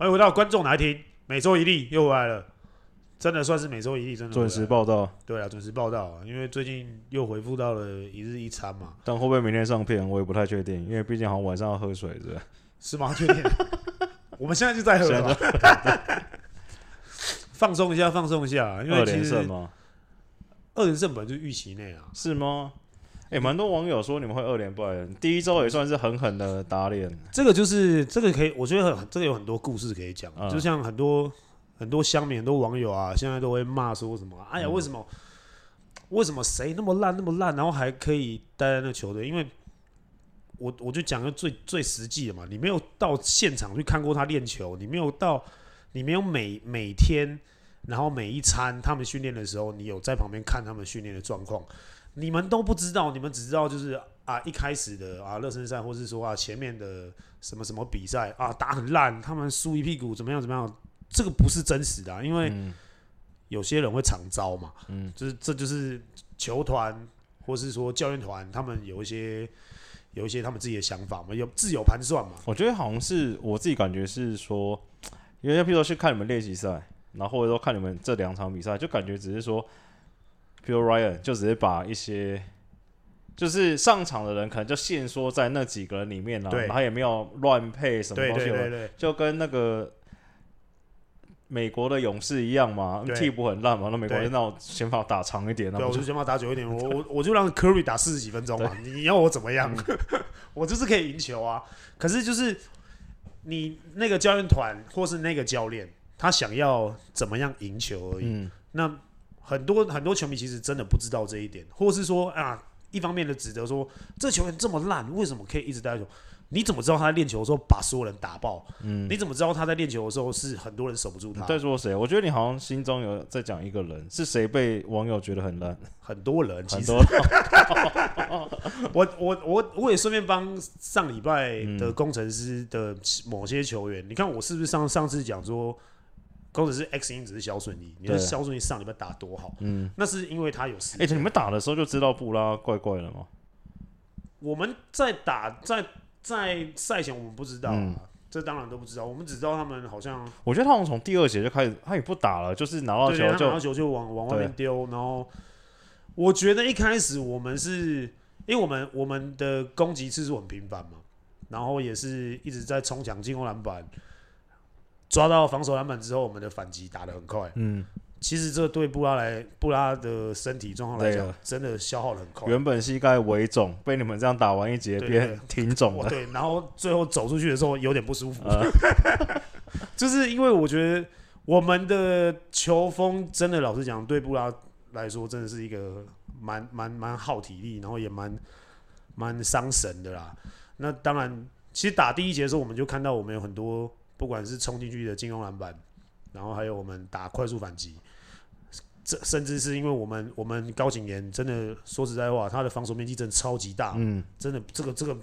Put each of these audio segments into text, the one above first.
歡、哎、回到觀眾哪愛看，每隊一問又回來了，真的算是每隊一問，真的準時報道。對啊，準時報道，因為最近又回復到了一日一餐嘛。但會不會明天上片，我也不太確定，因為畢竟好像晚上要喝水，對吧？是嗎？確定？我們現在就在喝，在 放鬆一下，放鬆一下，因為其實二連勝，二連勝本就預期內啊，是嗎？也、欸、蠻多網友說你們會二連敗，第一周也算是狠狠的打臉。 這個就是這個可以，我覺得很這個有很多故事可以講、嗯。就像很多很多鄉民、很多網友啊，現在都會罵說什麼：“哎呀，為什麼、嗯、為什麼誰那麼爛那麼爛，然後還可以待在那球隊？”因為我我就講個最最實際的嘛，你沒有到現場去看過他練球，你沒有到，你沒有每每天，然後每一餐他們訓練的時候，你有在旁邊看他們訓練的狀況。你們都不知道，你們只知道就是啊，一開始的啊熱身賽，或是說啊前面的什麼什麼比賽啊打很爛，他們輸一屁股，怎麼樣怎麼樣。這個不是真實的、啊，因為有些人會藏招嘛，嗯、就是這就是球團或是說教練團，他們有一些有一些他們自己的想法嘛，有自有盤算嘛。我覺得好像是我自己感覺是說，因為要譬如說去看你們練習賽，然後或者說看你們這兩場比賽，就感覺只是說，比如說 Ryan 就直接把一些就是上場的人可能就限縮在那幾個人裡面了、啊，他也沒有亂配什麼東西，對對對對，就跟那個美國的勇士一樣嘛，替補很爛嘛，那美國人讓我先發打長一點，然後我先發打久一點，我我我就讓 Curry 打四十幾分鐘嘛，你要我怎麼樣？嗯、 我就是可以贏球啊，可是就是你那個教練團或是那個教練，他想要怎麼樣贏球而已，嗯、那。很多很多球迷其實真的不知道這一點，或是說啊，一方面的指責說，這球員這麼爛，為什麼可以一直帶球？你怎麼知道他在練球的時候把所有人打爆？嗯，你怎麼知道他在練球的時候是很多人守不住他？在、嗯、說誰？我覺得你好像心中有在講一個人，是誰被網友覺得很爛？嗯、很多人，其實很多 我。我我我我也順便幫上禮拜的工程師的某些球員，嗯、你看我是不是上上次講說。不只是 X 因，只是小順力。你的小順力上禮拜打多好，嗯，那是因為他有。哎，欸，你們打的時候就知道布拉怪怪了嗎？我們在打，在在賽前我們不知道、嗯，這當然都不知道。我們只知道他們好像……我覺得他們從第二節就開始，他也不打了，就是拿到球就拿到球就往往外面丟。然後我覺得一開始我們是因為我們我們的攻擊次數很頻繁嘛，然後也是一直在衝搶進攻籃板。抓到防守籃板之後，我們的反擊打得很快。嗯，其實這對布拉來布拉的身體狀況來講，真的消耗得很快。原本膝蓋微腫、嗯，被你們這樣打完一節變挺腫了。對，然後最後走出去的時候有點不舒服。嗯、 就是因為我覺得我們的球風真的，老實講，對布拉來說真的是一個蠻蠻蠻耗體力，然後也蠻蠻傷神的啦。那當然，其實打第一節的時候，我們就看到我們有很多。不管是衝進去的進攻籃板，然後還有我們打快速反擊，這甚至是因為我們我們高景炎真的說實在話，他的防守面積真的超級大，嗯，真的這個這個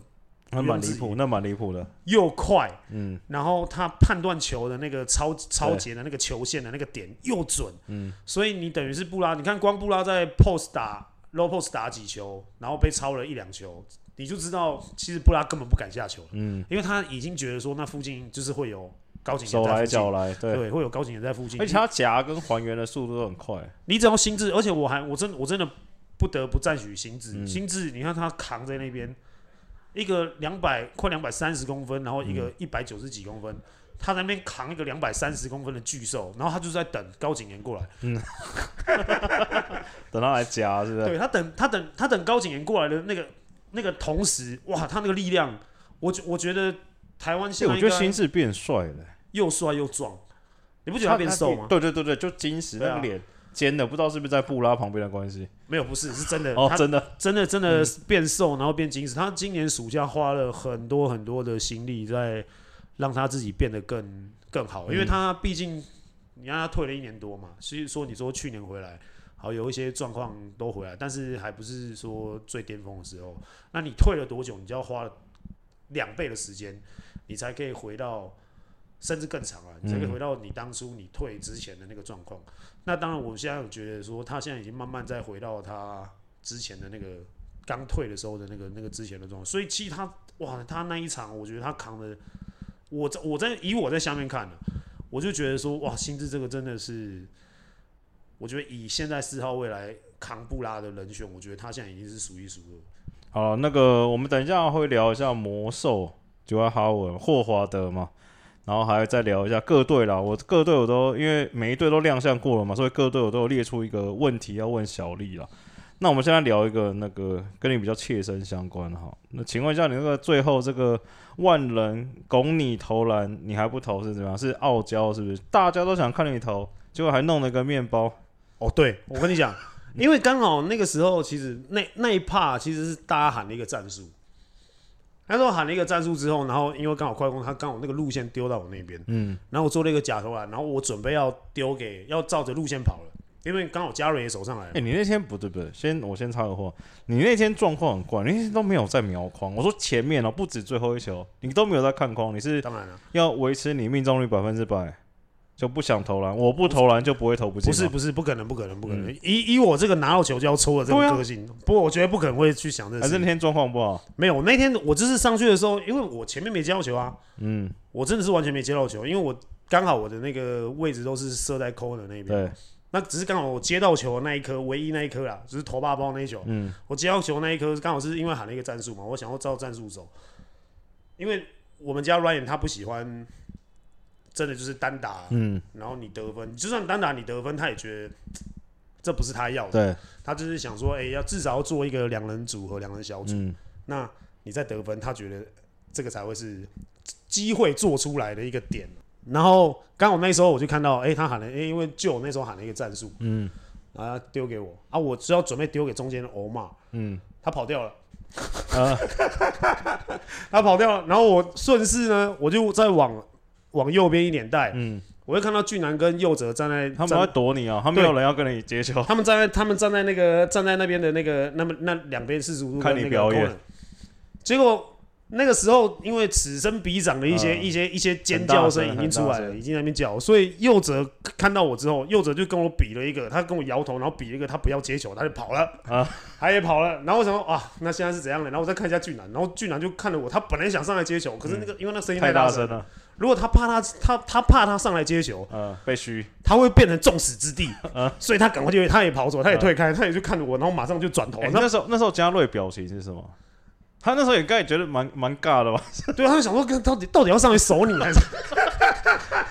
還蠻離譜，那蠻離譜的，又快，嗯，然後他判斷球的那個抄抄截的那個球線的那個點又準，嗯，所以你等於是布拉，你看光布拉在 post 打 low post 打幾球，然後被抄了一兩球。你就知道，其實布拉根本不敢下球，嗯，因為他已經覺得說那附近就是會有高景岩在附近走來走來，對，對會有高景岩在附近，而且他夾跟還原的速度都很快。 你只要心智，而且我還我真我真的不得不讚許心智、嗯。心智，你看他扛在那邊一個兩百快兩百三十公分，然後一個一百九十幾公分，嗯、他在那邊扛一個兩百三十公分的巨獸，然後他就在等高景岩過來，嗯、 等他來夾，是不是？對他等他等他等高景岩過來的那個。那個同時，哇，他那個力量，我我覺得台灣現在又又，我覺得心智變帥了、欸，又帥又壯，你不覺得他變瘦嗎？對對對對，就精實、啊、那個臉尖的，不知道是不是在布拉旁邊的關係？沒有，不是，是真的哦，真的，真的真的變瘦，然後變精實。他今年暑假花了很多很多的心力在讓他自己變得更更好、嗯，因為他畢竟你讓他退了一年多嘛，所以說你說去年回來。好，有一些狀況都回來，但是還不是說最巔峰的時候。那你退了多久，你就要花了兩倍的時間，你才可以回到甚至更長啊，你才可以回到你當初你退之前的那個狀況。嗯。那當然，我現在有覺得說，他現在已經慢慢在回到他之前的那個剛退的時候的那個那個之前的狀況。所以其實他哇，他那一場，我覺得他扛的，我在我在以我在下面看了，啊，我就覺得說哇，心智這個真的是。我覺得以現在四號位來扛布拉的人選，我覺得他現在已經是數一數二。好，那個我們等一下會聊一下魔獸，就阿哈文、霍華德嘛，然後還會再聊一下各隊啦。我各隊我都因為每一隊都亮相過了嘛，所以各隊我都有列出一個問題要問小力啦。那我們現在聊一個那個跟你比較切身相關的哈，那請問一下你那個最後這個萬人拱你投籃，你還不投是怎麼樣？是傲嬌是不是？大家都想看你投，結果還弄了一個麵包。哦、oh，對，我跟你講， 因為剛好那個時候，其實那那一帕其實是大家喊了一個戰術，那時候喊了一個戰術之後，然後因為剛好快攻，他剛好那個路線丟到我那邊，嗯，然後我做了一個假投籃，然後我準備要丟給要照着路線跑了，因為剛好嘉瑞也走上來哎、欸，你那天不對不對，對，先我先插個話，你那天狀況很怪，你那天都沒有在瞄框，我說前面哦，不止最後一球，你都沒有在看框，你是當然了，要維持你命中率百分之百。就不想投籃，我不投籃就不會投不進。不是不是，不可能不可能不可能。不可能，嗯、以以我這個拿到球就要抽的這個個性，對啊、不過我覺得不可能會去想這。還、哎、是那天狀況不好。沒有，我那天我就是上去的時候，因為我前面沒接到球啊。嗯。我真的是完全沒接到球，因為我剛好我的那個位置都是設在 corner 那邊。對。那只是剛好我接到球的那一顆，唯一那一顆啦，就是頭巴包那一球。嗯。我接到球的那一顆，剛好是因為喊了一個戰術嘛，我想要照戰術走。因為我們家 Ryan 他不喜歡。真的就是單打，嗯，然後你得分，就算單打你得分，他也覺得這不是他要的，對，他就是想說，哎、欸，要至少要做一個兩人組合、兩人小組、嗯，那你在得分，他覺得這個才會是機會做出來的一個點。然後剛好那時候我就看到，哎、欸，他喊了，哎、欸，因為就我那時候喊了一個戰術，嗯，然後他丟給我，啊，我只要準備丟給中間的歐馬，嗯，他跑掉了，呃、 他跑掉了，然後我順勢呢，我就在往。往右邊一點帶，嗯，我就看到俊男跟右哲站在站，他們在躲你啊、喔，他們沒有人要跟你接球，他們站在，他們站在那個站在那邊的那個，那麼那兩邊四十五度 coron, 看你表演，結果那個時候因為此生彼長的一些一些、嗯、一些尖叫聲已經出來了，已經在那邊叫，所以右哲看到我之後，右哲就跟我比了一個，他跟我搖頭，然後比了一個他不要接球，他就跑了啊，他也跑了，然後我想說啊，那現在是怎樣呢？然後我再看一下俊男，然後俊男就看着我，他本來想上來接球，可是那個、嗯、因為那聲音太大聲了。如果他怕他他他怕他上來接球，呃、被噓，他會變成眾矢之的、呃，所以他趕快就會他也跑走，他也退開，呃、他也就看着我，然後馬上就轉頭、欸欸。那時候那時候嘉瑞表情是什麼？他那時候應該覺覺得蠻蠻尬的吧？對、啊、他就想說，到底到底要上來守你還是？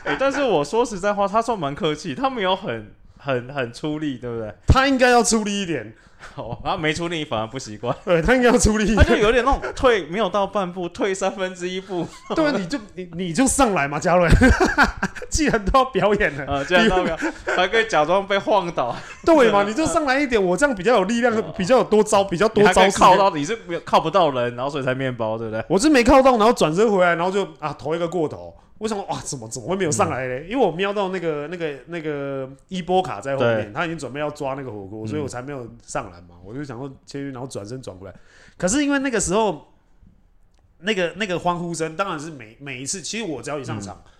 哎 欸，但是我說實在話，他算蠻客氣，他沒有很很很出力，對不對？他應該要出力一點。好，他沒出力反而不習慣。對他應該要出力，他就有點那種退，沒有到半步， 退三分之一步。對，你就你你就上來嘛，嘉倫， 既然都要表演了，啊、呃，既然都要，表演。還可以假裝被晃倒，對，對、呃、嘛？你就上來一點，我這樣比較有力量，呃、比較有多招，比較多招靠到你是沒有，靠不到人，然後所以才麵包，對不對？我是沒靠到，然後轉身回來，然後就啊投一個過頭。為什麼哇？怎麼怎麼會沒有上來呢、嗯？因為我瞄到那個那個那個伊波卡在後面，他已經準備要抓那個火鍋，所以我才沒有上來嘛、嗯。我就想要進去，然後轉身轉過來。可是因為那個時候，那個那個歡呼聲，當然是每每一次，其實我只要一上場，嗯、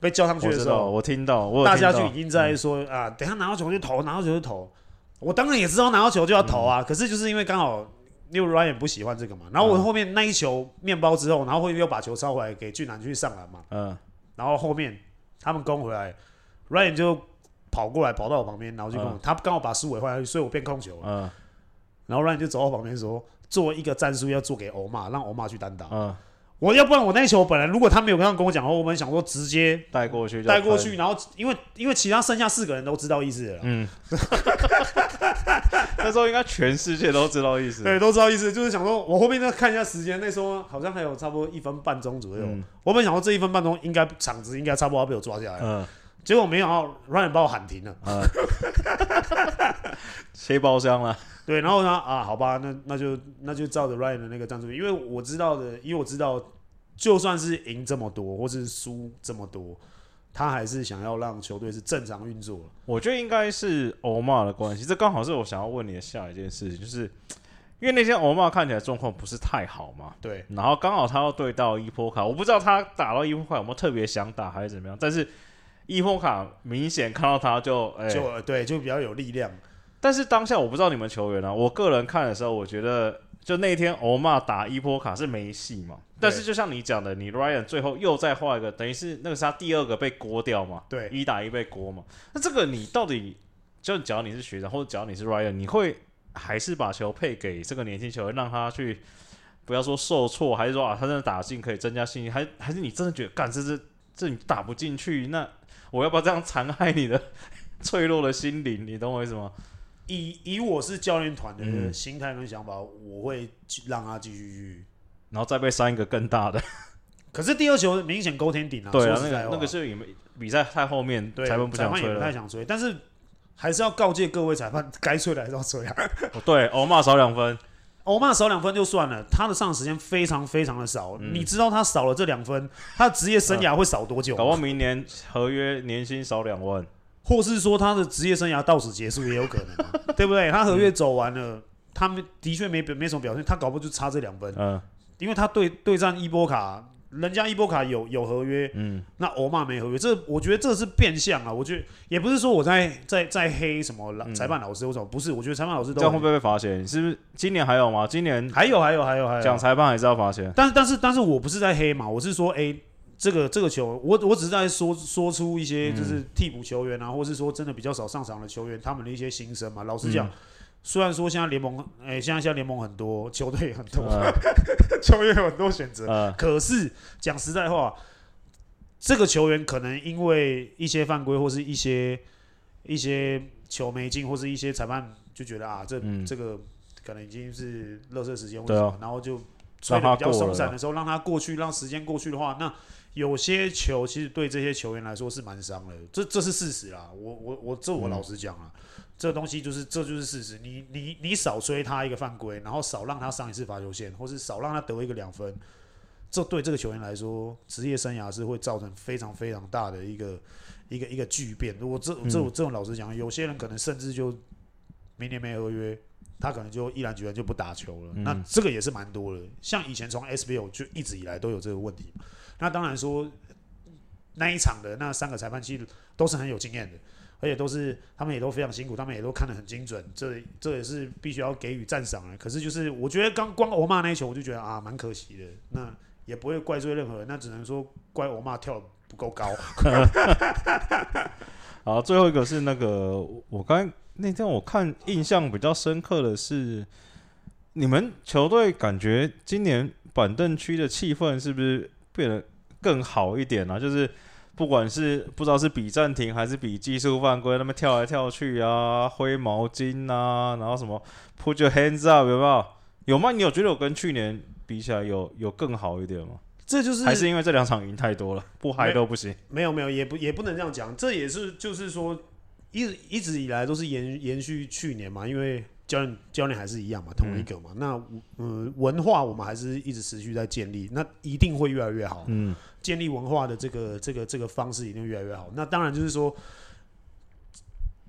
被叫上去的時候，我聽到，我聽到，大家就已經在說、嗯、啊，等下拿到球就投，拿到球就投。我當然也知道拿到球就要投啊，嗯、可是就是因為剛好。因為 Ryan 不喜歡這個嘛，然後我後面那一球面包之後，啊、然後會又把球抄回來給俊南去上籃嘛，嗯、啊，然後後面他們攻回來，Ryan 就跑過來跑到我旁邊，然後就跟我、啊，他剛好把蘇偉換下去，所以我變控球了，嗯、啊，然後 Ryan 就走到我旁邊說，做一個戰術要做給歐媽，讓歐媽去單打，嗯、啊。我要不然我那球本來如果他沒有跟他跟我講的話，我本想說直接帶過去，帶過去，然後因為因為其他剩下四個人都知道意思了。嗯 那時候應該全世界都知道意思，對，都知道意思，就是想說我後面再看一下時間，那時候好像還有差不多一分半鐘左右，嗯、我本想說，這一分半鐘應該場子應該差不多要被我抓下來。嗯。結果沒想到 Ryan 把我喊停了。啊，哈哈哈，切包廂了。對，然後呢？啊，好吧，那那就那就照着 Ryan 的那個戰術。因為我知道的，因為我知道，就算是贏這麼多，或是輸這麼多，他還是想要讓球隊是正常運作。 我覺得應該是歐罵的關係，這剛好是我想要問你的下一件事情，就是因為那天歐罵看起來狀況不是太好嘛。對。然後剛好他要對到一波卡，我不知道他打到一波卡有沒有特別想打還是怎麼樣，但是。伊波卡明顯看到他就，欸、就對，就比較有力量。但是當下我不知道你們球員呢，啊，我個人看的時候，我覺得就那一天歐馬打伊波卡是沒戲嘛。但是就像你講的，你 Ryan 最後又再畫一個，等於是那個是他第二個被鍋掉嘛，對，一打一被鍋嘛。那這個你到底，就只要你是學生，或者只要你是 Ryan，你會還是把球配給這個年輕球員，讓他去不要說受挫，還是說啊他真的打進可以增加信心，還是還是你真的覺得幹這是這，是這是你打不進去那？我要不要這樣殘害你的脆弱的心靈？你懂我意思嗎？以以我是教練團的心態跟想法、嗯，我會讓他繼續去，然後再被扇一個更大的。可是第二球明顯勾天頂啊！對啊，那個那個是因為比賽太後面，嗯、裁判不太想吹了，裁判不太想吹，但是還是要告誡各位裁判，該吹的還是要吹啊！ 對，歐、哦、瑪少兩分。歐曼少兩分就算了，他的上場時間非常非常的少，嗯，你知道他少了這兩分，他的職業生涯會少多久？嗯，搞不好明年合約年薪少兩萬，或是說他的職業生涯到此結束也有可能， 對不對？他合約走完了，嗯，他的確沒的確沒沒什麼表現，他搞不好就差這兩分。嗯，因為他對對戰伊波卡。人家一波卡有有合約，嗯、那歐曼沒合約，這我覺得這是變相啊。我覺得也不是說我在在在黑什麼裁判老師什，我怎麼不是？我覺得裁判老師都會被被罰錢，是不是？今年還有嗎？今年還有,還有還有還有，還有。講裁判還是要罰錢。但但是但是我不是在黑嘛，我是說，誒、欸，這個這個球，我我只是在說說出一些就是替補球員啊、嗯，或是說真的比較少上場的球員，他們的一些心聲嘛。老實講。嗯雖然說現在聯盟，哎、欸，現在現在聯盟很多球隊也很多，呃、 球員有很多選擇、呃。可是講實在話，這個球員可能因為一些犯規或是一些一些球沒進，或是一些裁判就覺得啊，這、嗯、這個可能已經是垃圾時間，對啊、哦，然後就吹的比較鬆散的時候，讓他過去，讓時間過去的話，那有些球其實對這些球員來說是蠻傷的，這這是事實啊，我我我，這我老實講啊。嗯這東西就是，這就是事實。你你你少吹他一個犯規，然後少讓他上一次罰球線，或是少讓他得一個兩分，這對這個球員來說，職業生涯是會造成非常非常大的一個一個一個巨變。如果這這這這種老實講，有些人可能甚至就明年沒合約，他可能就毅然決然就不打球了。嗯、那這個也是蠻多的。像以前從 SBL 就一直以來都有這個問題，那當然說，那一場的那三個裁判其實都是很有經驗的。而且都是他們也都非常辛苦，他們也都看得很精準，這這也是必須要給予讚賞的。可是就是我覺得剛光歐罵那一球，我就覺得啊，蠻可惜的。那也不會怪罪任何人，那只能說怪歐罵跳得不夠高。 好，最後一個是那個我剛那天我看印象比較深刻的是，你們球隊感覺今年板凳區的氣氛是不是變得更好一點呢、啊？就是。不管是不知道是比暫停還是比技術犯規，那邊跳來跳去啊，揮毛巾啊，然後什麼，put your hands up，有沒有？有嗎？你有覺得我跟去年比起來有有更好一點嗎？這就是還是因為這兩場贏太多了，不嗨都不行。沒有沒有，也不也不能這樣講，這也是就是說一一直以來都是延延續去年嘛，因為。教練，教練還是一樣嘛，同一個嘛。嗯，那嗯，文化我們還是一直持續在建立，那一定會越來越好。嗯，建立文化的這個、這個、這個方式一定越來越好。那當然就是說，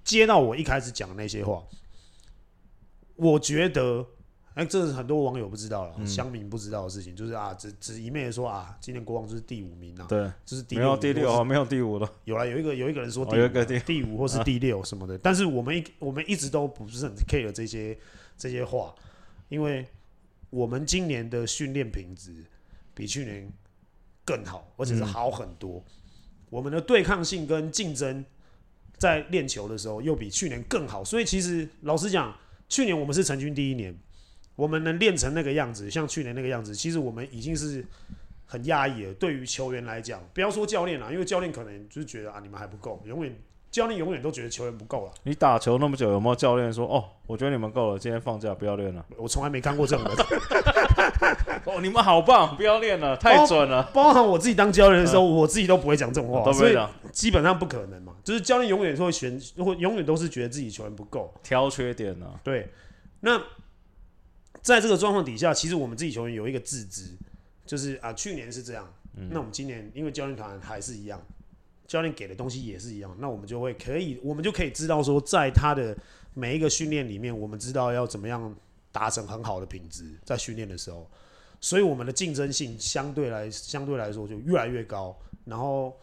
接到我一開始講的那些話，我覺得。哎、欸，這是很多網友不知道了，鄉民不知道的事情，嗯、就是啊，只只一面說啊，今年國王，就是第五名啊，對，就是第六名，沒有第六啊，沒有第五了。有啦，有一個有一個人說第五、啊個第，第五或是第六、啊、什麼的，但是我們一我們一直都不是很 care 這些這些話，因為我們今年的訓練品質比去年更好，而且是好很多。嗯、我們的對抗性跟競爭在練球的時候又比去年更好，所以其實老實講，去年我們是成軍第一年。我們能練成那個樣子，像去年那個樣子，其實我們已經是很壓抑了。對於球員來講，不要說教練了，因為教練可能就是覺得啊，你們還不夠，永遠教練永遠都覺得球員不夠了。你打球那麼久，有沒有教練說哦，我覺得你們夠了，今天放假不要練了？我從來沒看過這樣的。哦，你們好棒，不要練了，太準了、哦。包含我自己當教練的時候、嗯，我自己都不會講這種話，對不對？基本上不可能嘛。就是教練永遠會選，永遠都是覺得自己球員不夠，挑缺點了、啊。對，那。在這個狀況底下，其實我們自己球員有一個自知，就是啊，去年是這樣，嗯，那我們今年因為教練團還是一樣，教練給的東西也是一樣，那我們就會可以，我們就可以知道說，在他的每一個訓練裡面，我們知道要怎麼樣達成很好的品質，在訓練的時候，所以我們的競爭性相對來相對來說就越來越高，然後。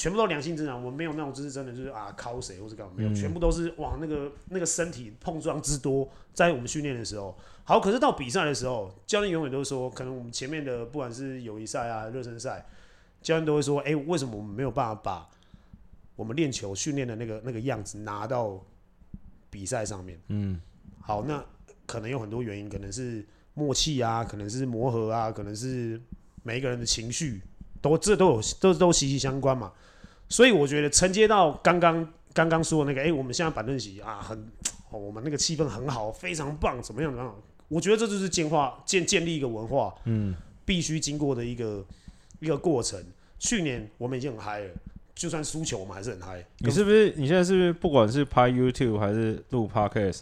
全部都良性增長，我們沒有那種姿勢，真的就是啊，靠誰或是幹嘛沒有，全部都是哇，那個那個身體碰撞之多，在我們訓練的時候好，可是到比賽的時候，教練永遠都說，可能我們前面的不管是友誼賽啊、熱身賽，教練都會說，哎，為什麼我們沒有辦法把我們練球訓練的那個那個樣子拿到比賽上面？嗯，好，那可能有很多原因，可能是默契啊，可能是磨合啊，可能是每一個人的情緒都這都有，都都息息相關嘛。所以我覺得承接到剛剛剛剛說的那個，哎、欸，我們現在板凳席啊，很，我們那個氣氛很好，非常棒，怎麼樣怎麼樣？我覺得這就是進化建建立一個文化，嗯，必須經過的一個一個過程。去年我們已經很嗨了，就算輸球我們還是很嗨。你是不是你現在是不是不管是拍 YouTube 還是錄 Podcast，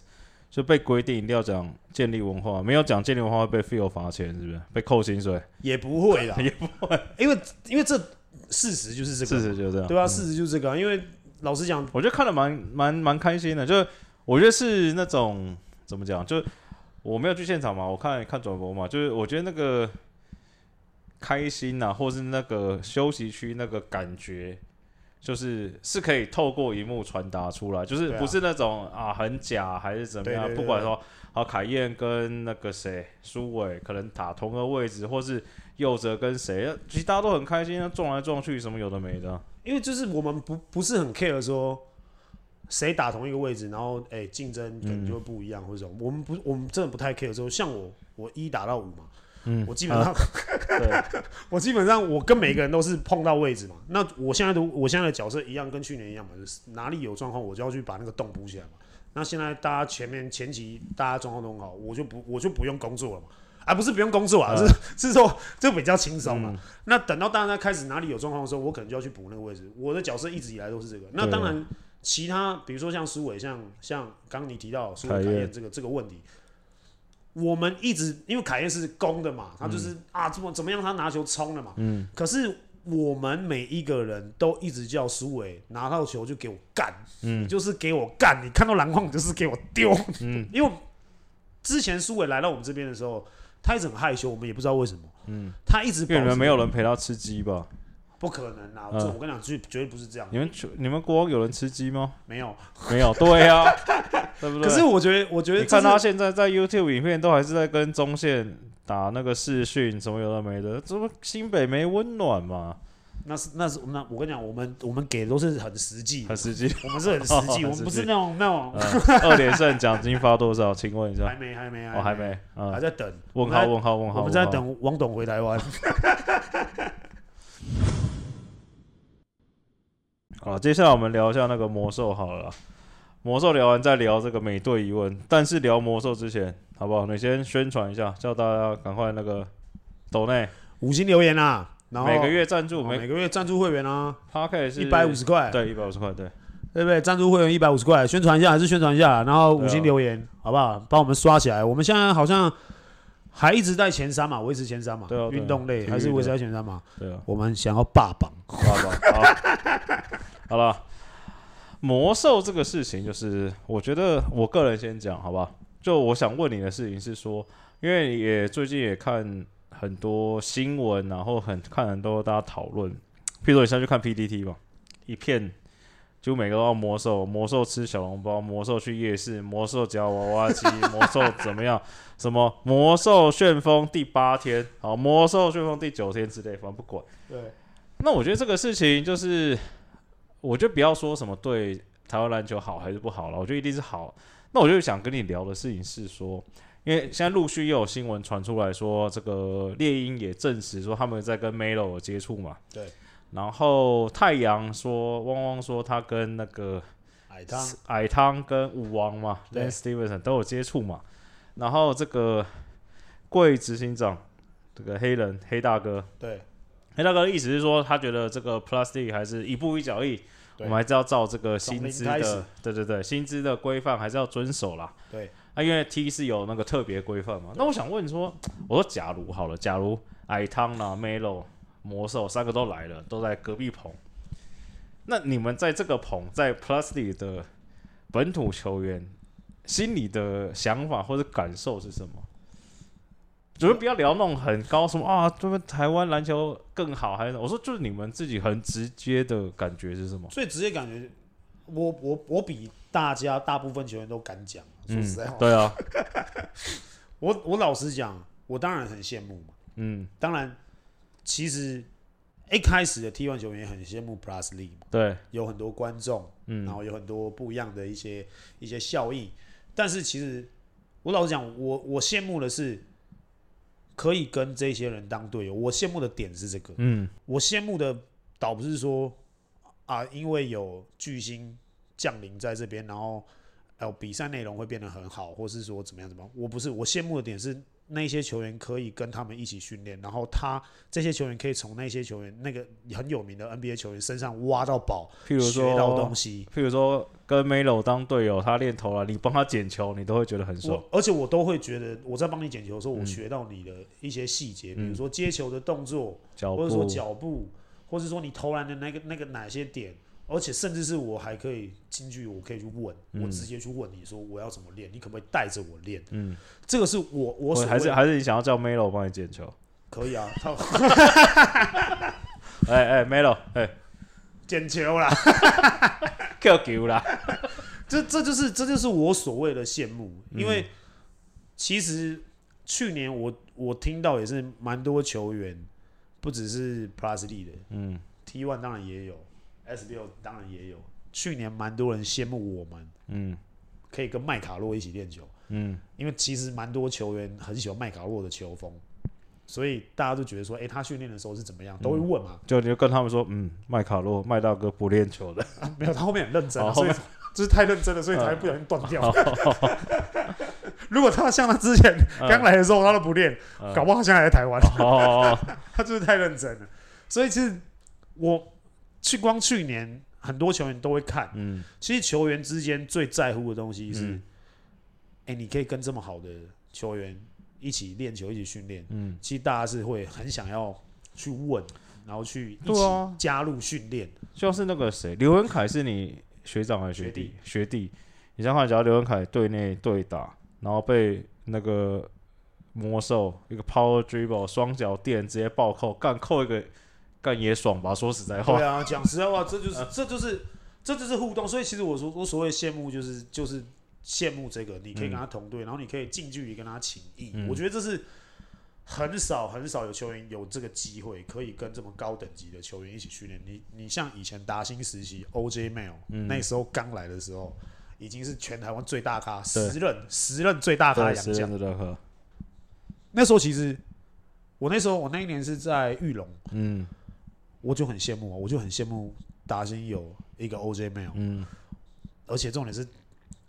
就被規定一定要講建立文化，沒有講建立文化會被 feel 罰錢，是不是？被扣薪水也不會啦， 也不會，因為因為這。事實就是這個，事實就是這樣。對啊，嗯、事實就是這個、啊。因為老實講，我覺得看得蠻蠻蠻開心的。就是我覺得是那種怎麼講？就是我沒有去現場嘛，我看看轉播嘛。就是我覺得那個開心吶、啊，或是那個休息區那個感覺，就是是可以透過熒幕傳達出來。就是不是那種啊，啊很假還是怎麼樣？對對對對，不管說，好，愷諺跟那個誰書緯可能打同個位置，或是。有着跟誰？其實大家都很開心啊，撞來撞去，什麼有的沒的。因為就是我們不不是很 care 說誰打同一個位置，然後誒競爭可能就會不一樣，嗯、或者我們不，我們真的不太 care。之像我，我一打到五嘛，嗯，我基本上，啊、 對我基本上我跟每個人都是碰到位置嘛。那我現在的我現在的角色一樣，跟去年一樣嘛，就是哪裡有狀況我就要去把那個洞補起來嘛。那現在大家前面前期大家狀況都很好，我就不我就不用工作了嘛。啊，不是不用工作啊，啊是是說就比較輕鬆嘛。嗯、那等到大家開始哪裡有狀況的時候，我可能就要去補那個位置。我的角色一直以來都是這個。嗯、那當然，其他比如說像蘇偉，像像剛剛你提到蘇偉凱這個燕這個問題，我們一直因為凱燕是攻的嘛，他就是、嗯、啊怎麼怎麼樣他拿球衝的嘛。嗯。可是我們每一個人都一直叫蘇偉拿到球就給我幹，嗯，就是給我幹。你看到籃筐你就是給我丟，嗯，因為之前蘇偉來到我們這邊的時候。他一直很害羞，我們也不知道為什麼。嗯，他一直。你們沒有人陪他吃雞吧？不可能啊！這、嗯、我跟你講，絕、嗯、絕對不是這樣。你們、你們國王有人吃雞嗎？沒有，沒有。對啊， 對不對？可是我覺得，我覺得，你看他現在在 YouTube 影片都還是在跟中線打那個視訊，什麼有的沒的，這不新北沒溫暖嘛。那是那是那我跟你講，我們我們給的都是很實際，很實際。我們是很實際、哦，我們不是那種那種。嗯、 二連勝獎金發多少？請問一下，還沒還沒，我、哦、還沒，還沒、嗯，還在等。問號問號問號，問號，我們在等王董回台灣。 好，接下來我們聊一下那個魔獸好了，魔獸聊完再聊這個每隊一問。但是聊魔獸之前，好不好？你先宣傳一下，叫大家趕快那個抖內五星留言啊。然後每個月贊助，每個月贊助會員啊，他可以是一百五十塊，對，一百五十塊，對，對不對？贊助會員一百五十塊，宣傳一下還是宣傳一下，然後五星留言、啊，好不好？幫我們刷起來，我們現在好像還一直在前三嘛，維持前三嘛，對，啊對啊，運動類還是維持在前三嘛，對，啊對啊，我們想要霸榜，好不好？ 好了。魔獸這個事情，就是我覺得我個人先講，好不好？就我想問你的事情是說，因為也最近也看。很多新聞，然後很看很多大家討論。譬如說，你現在去看 PDT 吧，一片就每個都要魔獸，魔獸吃小籠包，魔獸去夜市，魔獸夾娃娃機，魔獸怎麼樣？ 什麼魔獸旋風第八天，好，魔獸旋風第九天之類，反正不管。對，那我覺得這個事情就是，我就不要說什麼對台灣籃球好還是不好了，我覺得一定是好。那我就想跟你聊的事情是說。因為現在陸續又有新聞傳出來說，這個獵鷹也證實說他們在跟 Melo 有接觸嘛。對。然後太陽說，汪汪說他跟那個矮湯、矮湯跟武王嘛，Dan Stevenson 都有接觸嘛。然後這個貴執行長，這個黑人黑大哥，對，黑大哥的意思是說，他覺得這個 Plastic 還是一步一腳印，我們還是要照這個薪資的，對對對，對，薪資的規範還是要遵守啦。對，對。啊、因為 T 是有那個特別規範嘛、嗯，那我想問說，我說假如好了，假如矮湯啦、啊、Melo、魔獸三個都來了，都在隔壁棚，那你們在這個棚在 Plus 裡的本土球員心裡的想法或者，感受是什麼？你們不要聊那種很高什麼啊，對台灣籃球更好還是？我說就是你們自己很直接的感覺是什麼？最直接感覺，我我我比。大家大部分球員都敢講，說實在話、嗯，對啊， 我我老實講，我當然很羨慕嘛，嗯，當然，其實一開始的 T1 球員也很羨慕 Plus League 嘛，對，有很多觀眾、嗯，然後有很多不一樣的一些一些效益，但是其實我老實講，我我羨慕的是可以跟這些人當隊友，我羨慕的點是這個，嗯，我羨慕的倒不是說啊，因為有巨星。降臨在這邊，然後，呃，比賽內容會變得很好，或是說怎麼樣？怎麼樣？我不是，我羨慕的點是那些球員可以跟他們一起訓練，然後他這些球員可以從那些球員那個很有名的 NBA 球員身上挖到寶，譬如說學到東西。譬如說跟 Melo 當隊友，他練投籃，你幫他撿球、嗯，你都會覺得很爽。而且我都會覺得我在幫你撿球的時候，我學到你的一些細節、嗯，比如說接球的動作，嗯、或者說腳步，步，或者說你投籃的那個那個哪些點。而且甚至是我還可以進去，我可以去問、嗯，我直接去問你說，我要怎麼練，你可不可以帶着我練？嗯，這個是我我還是我還是你想要叫 Melo 幫你撿球？可以啊，哎哎，Melo 哎，撿球啦，call 球啦，這這就是這就是我所謂的羨慕、嗯，因為其實去年我我聽到也是蠻多球員，不只是 P+ 的，嗯，T One 當然也有。SBL 當然也有，去年蠻多人羨慕我們，嗯，可以跟麥卡洛一起練球，嗯，因為其實蠻多球員很喜歡麥卡洛的球風，所以大家都覺得說，哎、欸，他訓練的時候是怎麼樣，嗯，都會問嘛，就你就跟他們說，嗯，麥卡洛麥大哥不練球的，啊，沒有，他後面很認真，啊，所以就是太認真了，所以才不小心斷掉。啊、 如果他像他之前剛來的時候，他都不練，啊，搞不好現在還在台灣哦，啊、 他就是太認真了，所以其實我。去光，去年很多球員都會看，嗯，其實球員之間最在乎的東西是，哎、嗯，欸、你可以跟這麼好的球員一起練球，一起訓練，嗯，其實大家是會很想要去問，然後去一起加入訓練、啊。就是那個誰，劉文凱是你學長還是學弟？學弟，學弟你想想看，只要劉文凱對內對打，然後被那個魔獸一個 power dribble 雙腳墊直接暴扣，幹扣一個。幹也爽吧，說實在話。對啊，講實在話，這就是、呃、這就是這、就是、這就是互動。所以其實我說我所謂羨慕、就是，就是就是羨慕這個，你可以跟他同隊、嗯，然後你可以近距離跟他請益、嗯。我覺得這是很少很少有球員有這個機會，可以跟這麼高等級的球員一起訓練。你你像以前達欣時期，OJ Mail、嗯、那時候剛來的時候，已經是全台灣最大咖，時任時任最大咖的洋將。那時候其實我那時候我那一年是在裕隆，嗯。我就很羨慕，我就很羨慕達欣有一個 OJ Mail、嗯、而且重點是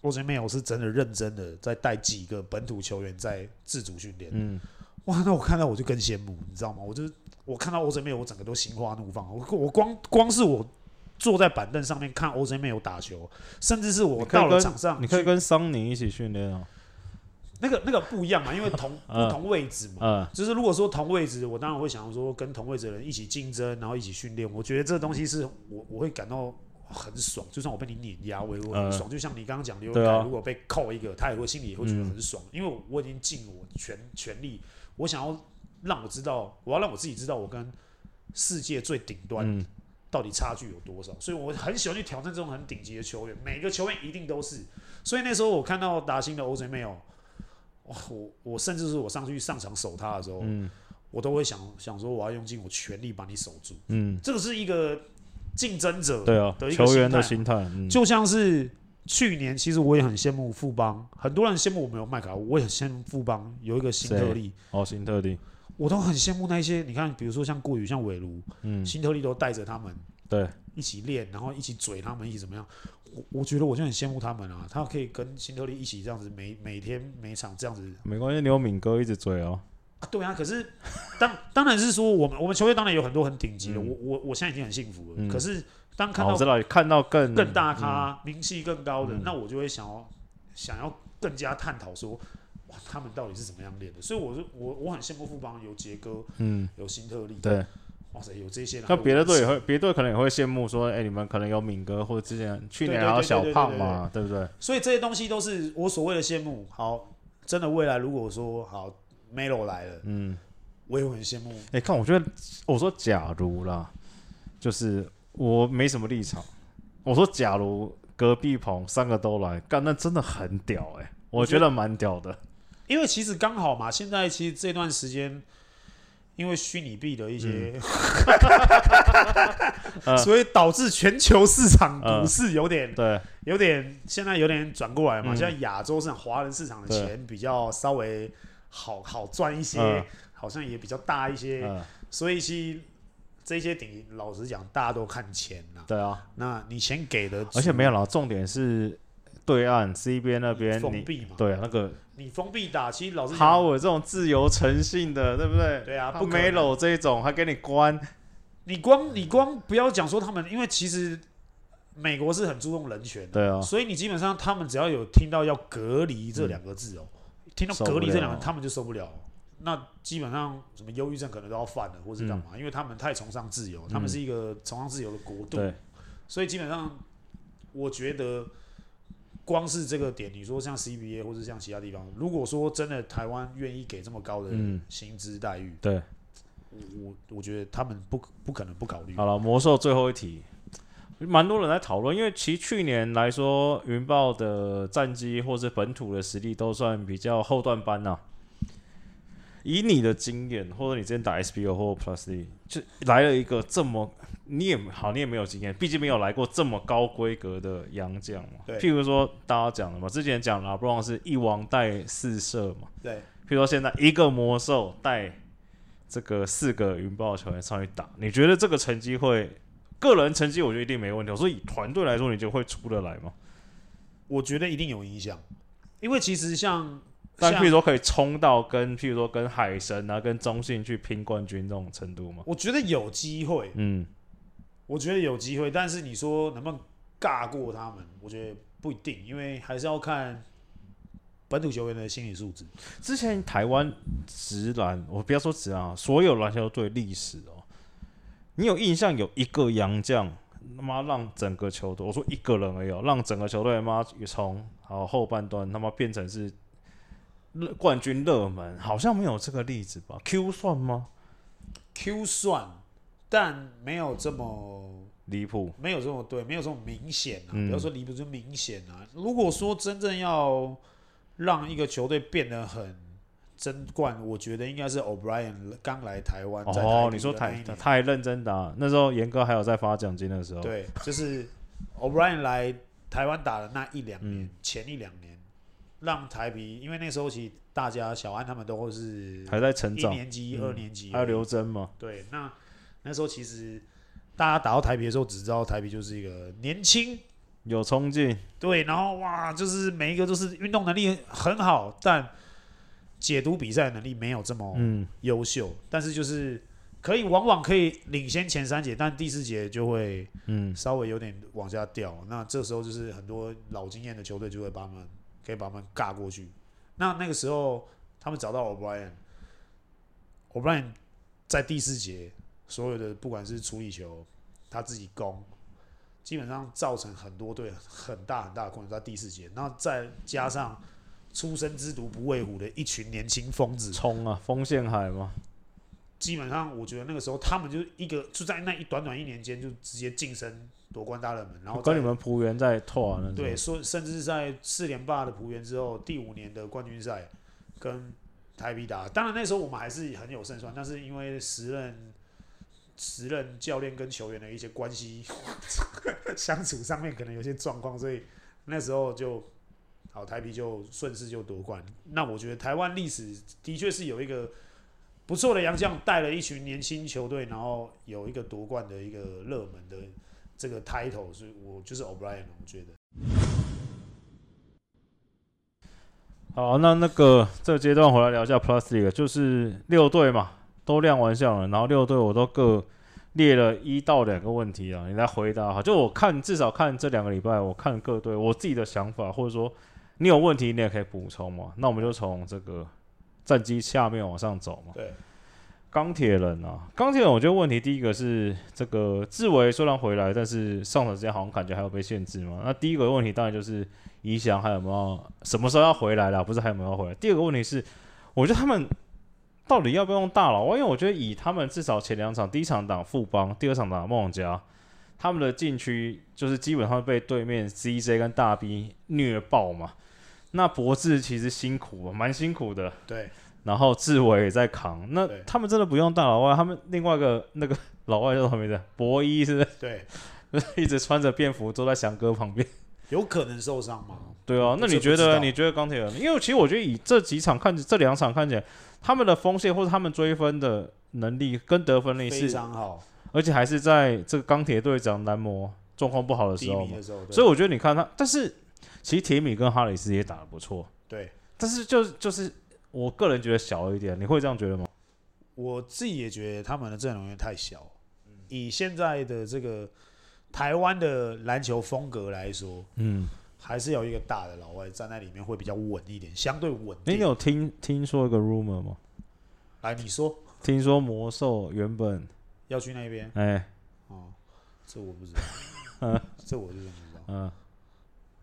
OJ Mail 是真的認真的在帶幾個本土球員在自主訓練、嗯，哇，那我看到我就更羨慕，你知道嗎？我就是我看到 OJ Mail 我整個都心花怒放，我光光是我坐在板凳上面看 OJ Mail 打球，甚至是我到了場上你，你可以跟桑尼一起訓練那個那個不一樣嘛，因為同不同位置嘛。嗯、呃呃。就是如果說同位置，我當然會想說跟同位置的人一起競爭，然後一起訓練。我覺得這個東西是我我會感到很爽，就算我被你碾壓，我也會很爽。呃、就像你剛剛講的、哦，如果被扣一個，他也會心裡也會覺得很爽，嗯、因為我已經盡我全全力，我想要讓我知道，我要讓我自己知道我跟世界最頂端到底差距有多少、嗯。所以我很喜歡去挑戰這種很頂級的球員。每個球員一定都是。所以那時候我看到達欣的 OJ Mail。我甚至是我上去上場守他的時候、嗯，我都會想想說，我要用盡我全力把你守住，嗯，這個是一個競爭者一對啊的球員的心態、嗯，就像是去年其實我也很羨慕富邦，很多人羨慕我沒有麥卡，我也很羨慕富邦有一個新特例。哦，新特例、嗯，我都很羨慕那些，你看比如說像顧宇、像韋如，嗯，新特例都帶着他們對。一起練，然後一起嘴，他們一起怎麼樣？我我覺得我就很羨慕他們啊，他可以跟新特利一起這樣子，每每天每場這樣子。沒關係，你有敏哥一直嘴哦。啊對啊，可是當當然是說我們 我們球隊當然有很多很頂級的，我我我現在已經很幸福了。嗯、可是當看到知道看到更更大咖、嗯、名氣更高的，嗯、那我就會想要想要更加探討說，哇，他們到底是怎麼樣練的？所以我是我我很羨慕富邦有傑哥，嗯，有新特利，對。哇塞，有這些，那別的隊也會，別隊可能也會羨慕，說：“哎、欸，你們可能有敏哥或者之前去年還有小胖嘛，對對對對對對對對，對不對？”所以這些東西都是我所謂的羨慕。好，真的未來如果說好，Melo 來了，嗯，我也很羨慕。哎、欸，看，我覺得我說假如啦，就是我沒什麼立場。我說假如隔壁棚三個都來幹，那真的很屌。哎、欸，我覺得蠻屌的。因為其實剛好嘛，現在其實這段時間。因為虛擬幣的一些、嗯， 嗯、 所以導致全球市場股市有點對，有點現在有點轉過來嘛。現在亞洲市場華人市場的錢比較稍微好好賺一些，好像也比較大一些。所以其實這些這些點，老實講，大家都看錢吶。對啊，那你錢給的，而且沒有了。重點是對岸 CBA 那邊。對啊，那個。你封閉打，其實老是打我這種自由誠信的、嗯，對不對？對啊，不 Melo 這種還給你關，你光你光不要講說他們，因為其實美國是很注重人權的、啊，對啊、哦，所以你基本上他們只要有聽到要隔離這兩個字哦，嗯、聽到隔離這兩個，他們就受不了了。那基本上什麼憂鬱症可能都要犯了，或是幹嘛？嗯、因為他們太崇尚自由、嗯，他們是一個崇尚自由的國度，嗯、對。所以基本上我覺得。光是這個點，你說像 CBA 或者像其他地方，如果說真的台灣願意給這麼高的薪資待遇，嗯、對我，我覺得他們不不可能不考慮。好了，魔獸最後一題，蠻多人在討論，因為其實去年來說，雲豹的戰績或是本土的實力都算比較後段班吶、啊。以你的經驗，或者你之前打 SPO 或 Plus D，就來了一個這麼，你也好，你也沒有經驗，畢竟沒有來過這麼高規格的洋將嘛。譬如說大家講了嘛，之前講 LeBron 是一王帶四射嘛。對，譬如說現在一個魔獸帶這個四個雲豹球員上去打，你覺得這個成績會個人成績，我覺得一定沒問題。所以以團隊來說，你覺得會出得來嗎？我覺得一定有影響，因為其實像。但譬如說可以衝到跟譬如說跟海神啊、跟中信去拼冠軍這種程度嗎？我覺得有機會，嗯，我覺得有機會，但是你說能不能尬過他們？我覺得不一定，因為還是要看本土球員的心理素質。之前台灣職籃，我不要說職籃啊，所有籃球隊歷史哦，你有印象有一個洋將，他媽讓整個球隊，我說一個人而已哦，讓整個球隊媽從好後半段他媽變成是。冠軍熱門好像沒有這個例子吧？Q 算嗎？Q 算，但沒有這麼離譜，沒有這麼對，沒有這麼明顯啊、嗯。比方說離譜就明顯啊。如果說真正要讓一個球隊變得很爭冠，我覺得應該是 O'Brien 剛來台灣。哦，哦，你說台，台太認真打，那時候嚴哥還有在發獎金的時候。對，就是 O'Brien 來台灣打的那一兩年、嗯，前一兩年。讓台啤，因為那時候其實大家小安他們都是還在成長，一年級、嗯、二年級，還有劉真嘛，對，那那時候其實大家打到台啤的時候，只知道台啤就是一個年輕、有衝勁，對，然後哇，就是每一個都是運動能力很好，但解讀比賽能力沒有這麼優秀、嗯，但是就是可以，往往可以領先前三節，但第四節就會嗯稍微有點往下掉、嗯。那這時候就是很多老經驗的球隊就會把他們。可以把他們尬過去，那那個時候他們找到 O'Brien，O'Brien 在第四節所有的不管是處理球，他自己攻，基本上造成很多隊很大很大的困難，在第四節。那再加上“初生之犢不畏虎”的一群年輕瘋子衝啊，鋒線海嘛。基本上，我覺得那個時候他們就一個就在那一短短一年間就直接晉升奪冠大熱門。然後跟你們璞園在拓是不是對，說甚至是在四連霸的璞園之後，第五年的冠軍賽跟台啤打。當然那時候我們還是很有勝算，但是因為時任時任教練跟球員的一些關係 相處上面可能有些狀況，所以那時候就好台啤就順勢就奪冠。那我覺得台灣歷史的確是有一個。不錯的，洋將帶了一群年輕球隊，然後有一個奪冠的一個熱門的這個 title，所以我就是 O'Brien，我覺得。好，那那個這個階段，回來聊一下 Plus League，就是六隊嘛，都亮完相了，然後六隊我都各列了一到兩個問題啊，你來回答哈。就我看，至少看這兩個禮拜，我看各隊我自己的想法，或者說你有問題，你也可以補充嘛。那我們就從這個。戰機下面往上走嘛？對，鋼鐵人啊，鋼鐵人，我覺得問題第一個是這個志偉雖然回來，但是上場時間好像感覺還要被限制嘛。那第一個問題當然就是怡祥還有沒有什麼時候要回來了、啊？不是還有沒有要回來？第二個問題是，我覺得他們到底要不要用大老？因為我覺得以他們至少前兩場，第一場打富邦，第二場打夢家，他們的禁區就是基本上被對面 ZJ 跟大 B 虐爆嘛。那博智其實辛苦，蠻辛苦的。對。然後志偉也在扛，那他們真的不用大老外，他們另外一個那個老外叫什麼名字？博一是不是？對。就是、一直穿着便服坐在翔哥旁邊。有可能受傷嗎？對哦、啊。那你覺得？你覺得鋼鐵人？因為其實我覺得以這幾場看，看這兩場看起來，他們的鋒線或者他們追分的能力跟得分力是非常好，而且還是在這個鋼鐵隊長男模狀況不好的時候，的時候，所以我覺得你看他，但是。其實鐵米跟哈里斯也打得不錯，對，但是就就是我個人覺得小一點，你會這樣覺得嗎？我自己也覺得他們的陣容也太小，嗯，以現在的這個台灣的籃球風格來說，嗯，還是有一個大的老外站在裡面會比較穩一點，相對穩。你，你有聽聽說一個 rumor 嗎？來，你說，聽說魔獸原本要去那邊？哎，欸，哦，這我不知道， 這我就不知道。嗯，啊。啊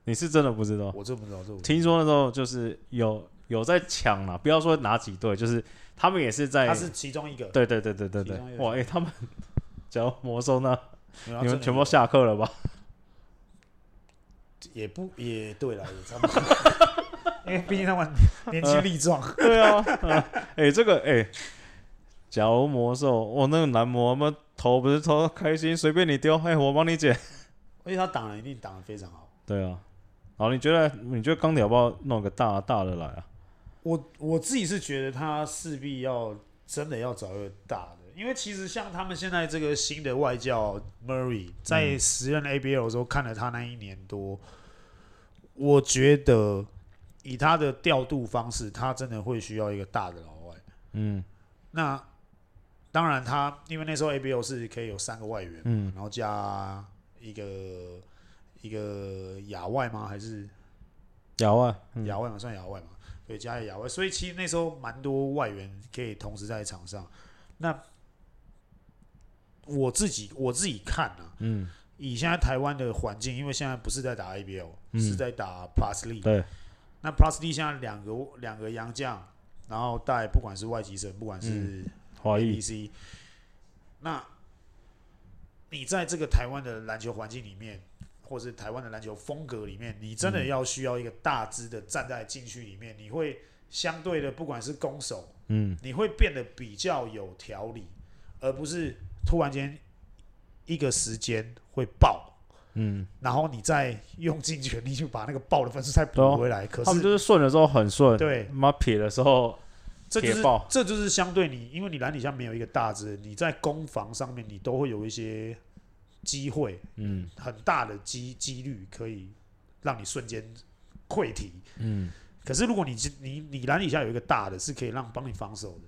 你是真的不知道，我就不，不知道。聽說那時候就是有有在搶嘛、啊，不要說哪幾隊，就是他們也是在。他是其中一個。對對對對對對，對。哇！哎、欸，他們假如魔獸呢？你們全部下課了吧？也不也對啦， 他們 因為畢竟他們年輕力壯、呃。 對啊。哎、呃欸，這個哎、欸，假如魔獸，我那個男模們頭不是頭開心，隨便你丟，哎、欸，我幫你撿。因為他擋了一定擋的非常好。對啊。哦，你覺得你覺得鋼鐵要不要弄個大大的來啊？我我自己是覺得他勢必要真的要找一個大的，因為其實像他們現在這個新的外教 Murray，在時任 ABL 的時候，嗯，看了他那一年多，我覺得以他的調度方式，他真的會需要一個大的老外。嗯，那當然他因為那時候 ABL 是可以有三個外援，嗯，然後加一個。一個亞外嗎？還是亞外？亞、嗯、外嘛，算亞外嘛？所以加一亞外，所以其實那時候蠻多外援可以同時在場上。那我自己我自己看啊，嗯，以現在台灣的環境，因為現在不是在打 ABL，、嗯、是在打 Plus League。對，那 Plus League 現在兩個兩個洋將，然後帶不管是外籍生，不管是華、嗯、裔，那，你在這個台灣的籃球環境裡面。或是台灣的籃球風格裡面，你真的要需要一個大只的站在禁區裡面，嗯，你會相對的，不管是攻守，嗯，你會變得比較有條理，而不是突然間一個時間會爆，嗯，然後你再用盡全力去把那個爆的分數再補回來。哦，可是他們就是順的時候很順，對，媽撇的時候撇爆，這就是，這就是相對你，因為你籃底下沒有一個大只，你在攻防上面你都會有一些機會，嗯，很大的機幾率可以讓你瞬間潰堤，嗯。可是如果你你你籃底下有一個大的，是可以讓幫你防守的，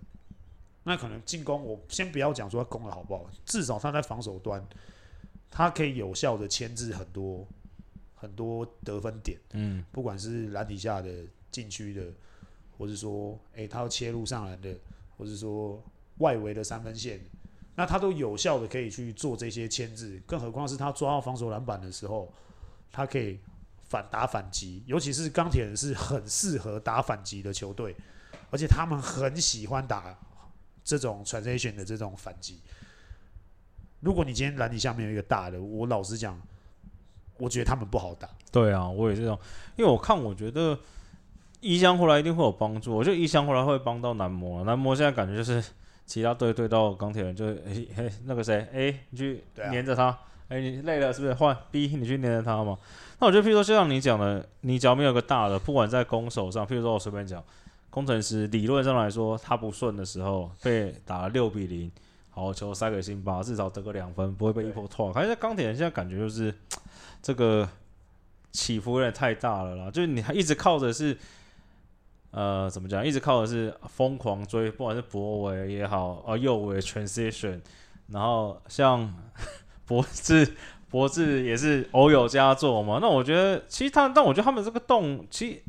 那可能進攻我先不要講說他攻的好不好，至少他在防守端，他可以有效的牽制很多很多得分點，嗯。不管是籃底下的禁區的，或者是說，誒、欸、他要切入上籃的，或者是說外圍的三分線。那他都有效的可以去做這些牽制，更何況是他抓到防守籃板的時候，他可以反打反擊。尤其是鋼鐵人是很適合打反擊的球隊，而且他們很喜歡打這種 transition 的這種反擊。如果你今天籃底下面有一個大的，我老實講，我覺得他們不好打。對啊，我也是這樣，因為我看我覺得一箱回來一定會有幫助。我覺得一箱回來會幫到男模、啊，男模現在感覺就是。其他隊對,對到鋼鐵人就誒、欸、嘿那個誰 a、欸、你去黏着他誒、啊欸，你累了是不是換 B 你去黏着他嘛？那我覺得，譬如說就像你講的，你就沒有個大的，不管在攻守上，譬如說我隨便講，攻城獅理論上來說，他不順的時候被打了六比零，好球塞給辛巴，至少得個兩分，不會被一波拖。反正鋼鐵人現在感覺就是這個起伏有點太大了啦，就是你還一直靠着是。呃，怎麼講？一直靠的是瘋狂追，不管是博偉也好，呃、啊，右維 transition，然後像呵呵博智、博智也是偶有佳作嘛。那我覺得，其實他，但我覺得他們這個洞，其實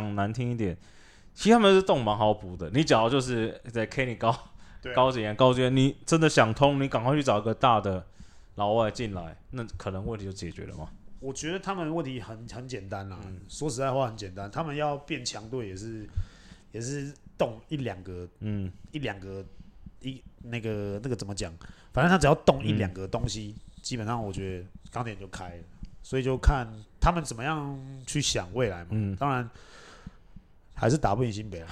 講難聽一點，其實他們這洞蠻好補的。你只要就是在 Kenny 高、高景炎、高景炎，你真的想通，你趕快去找一個大的老外進來，那可能問題就解決了嘛。我覺得他們問題很很簡單啦，啊嗯，說實在話很簡單，他們要變強隊也是也是動一兩個，嗯，一兩個一那個那個怎麼講？反正他只要動一兩個東西，嗯，基本上我覺得鋼鐵就開了，所以就看他們怎麼樣去想未來嘛。嗯，當然還是打不贏新北、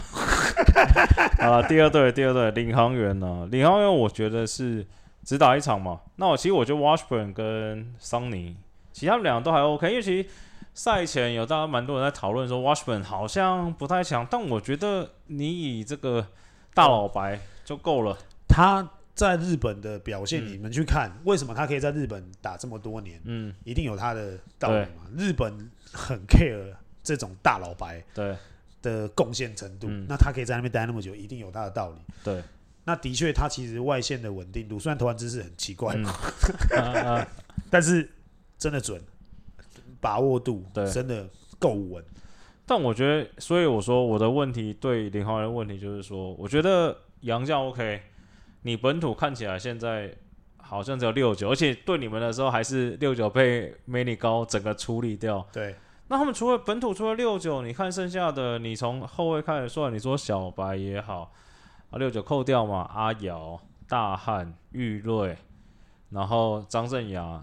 嗯。 啊，第二隊第二隊領航員呢？領航員我覺得是只打一場嘛。那我其實我覺得 Washburn 跟桑尼。其他兩個都還 OK，因為其實賽前有大家蠻多人在討論說，Washburn 好像不太強，但我覺得你以這個大老白就夠了，哦。他在日本的表現，嗯，你們去看，為什麼他可以在日本打這麼多年？嗯，一定有他的道理嘛。日本很 care 這種大老白對的貢獻程度，嗯，那他可以在那邊待那麼久，一定有他的道理。對，那的確他其實外線的穩定度，雖然投籃姿勢很奇怪，嗯 啊啊，但是。真的準，把握度對，真的夠穩。但我覺得，所以我說我的問題對領航員的問題就是說，我覺得洋將 OK，你本土看起來現在好像只有六九，而且對你們的時候還是六九被 Manny 高整個處理掉。對，那他們除了本土除了六九，你看剩下的，你從後衛開始算，你說小白也好，啊六九扣掉嘛，阿瑤、大漢、玉瑞，然後張鎮衙。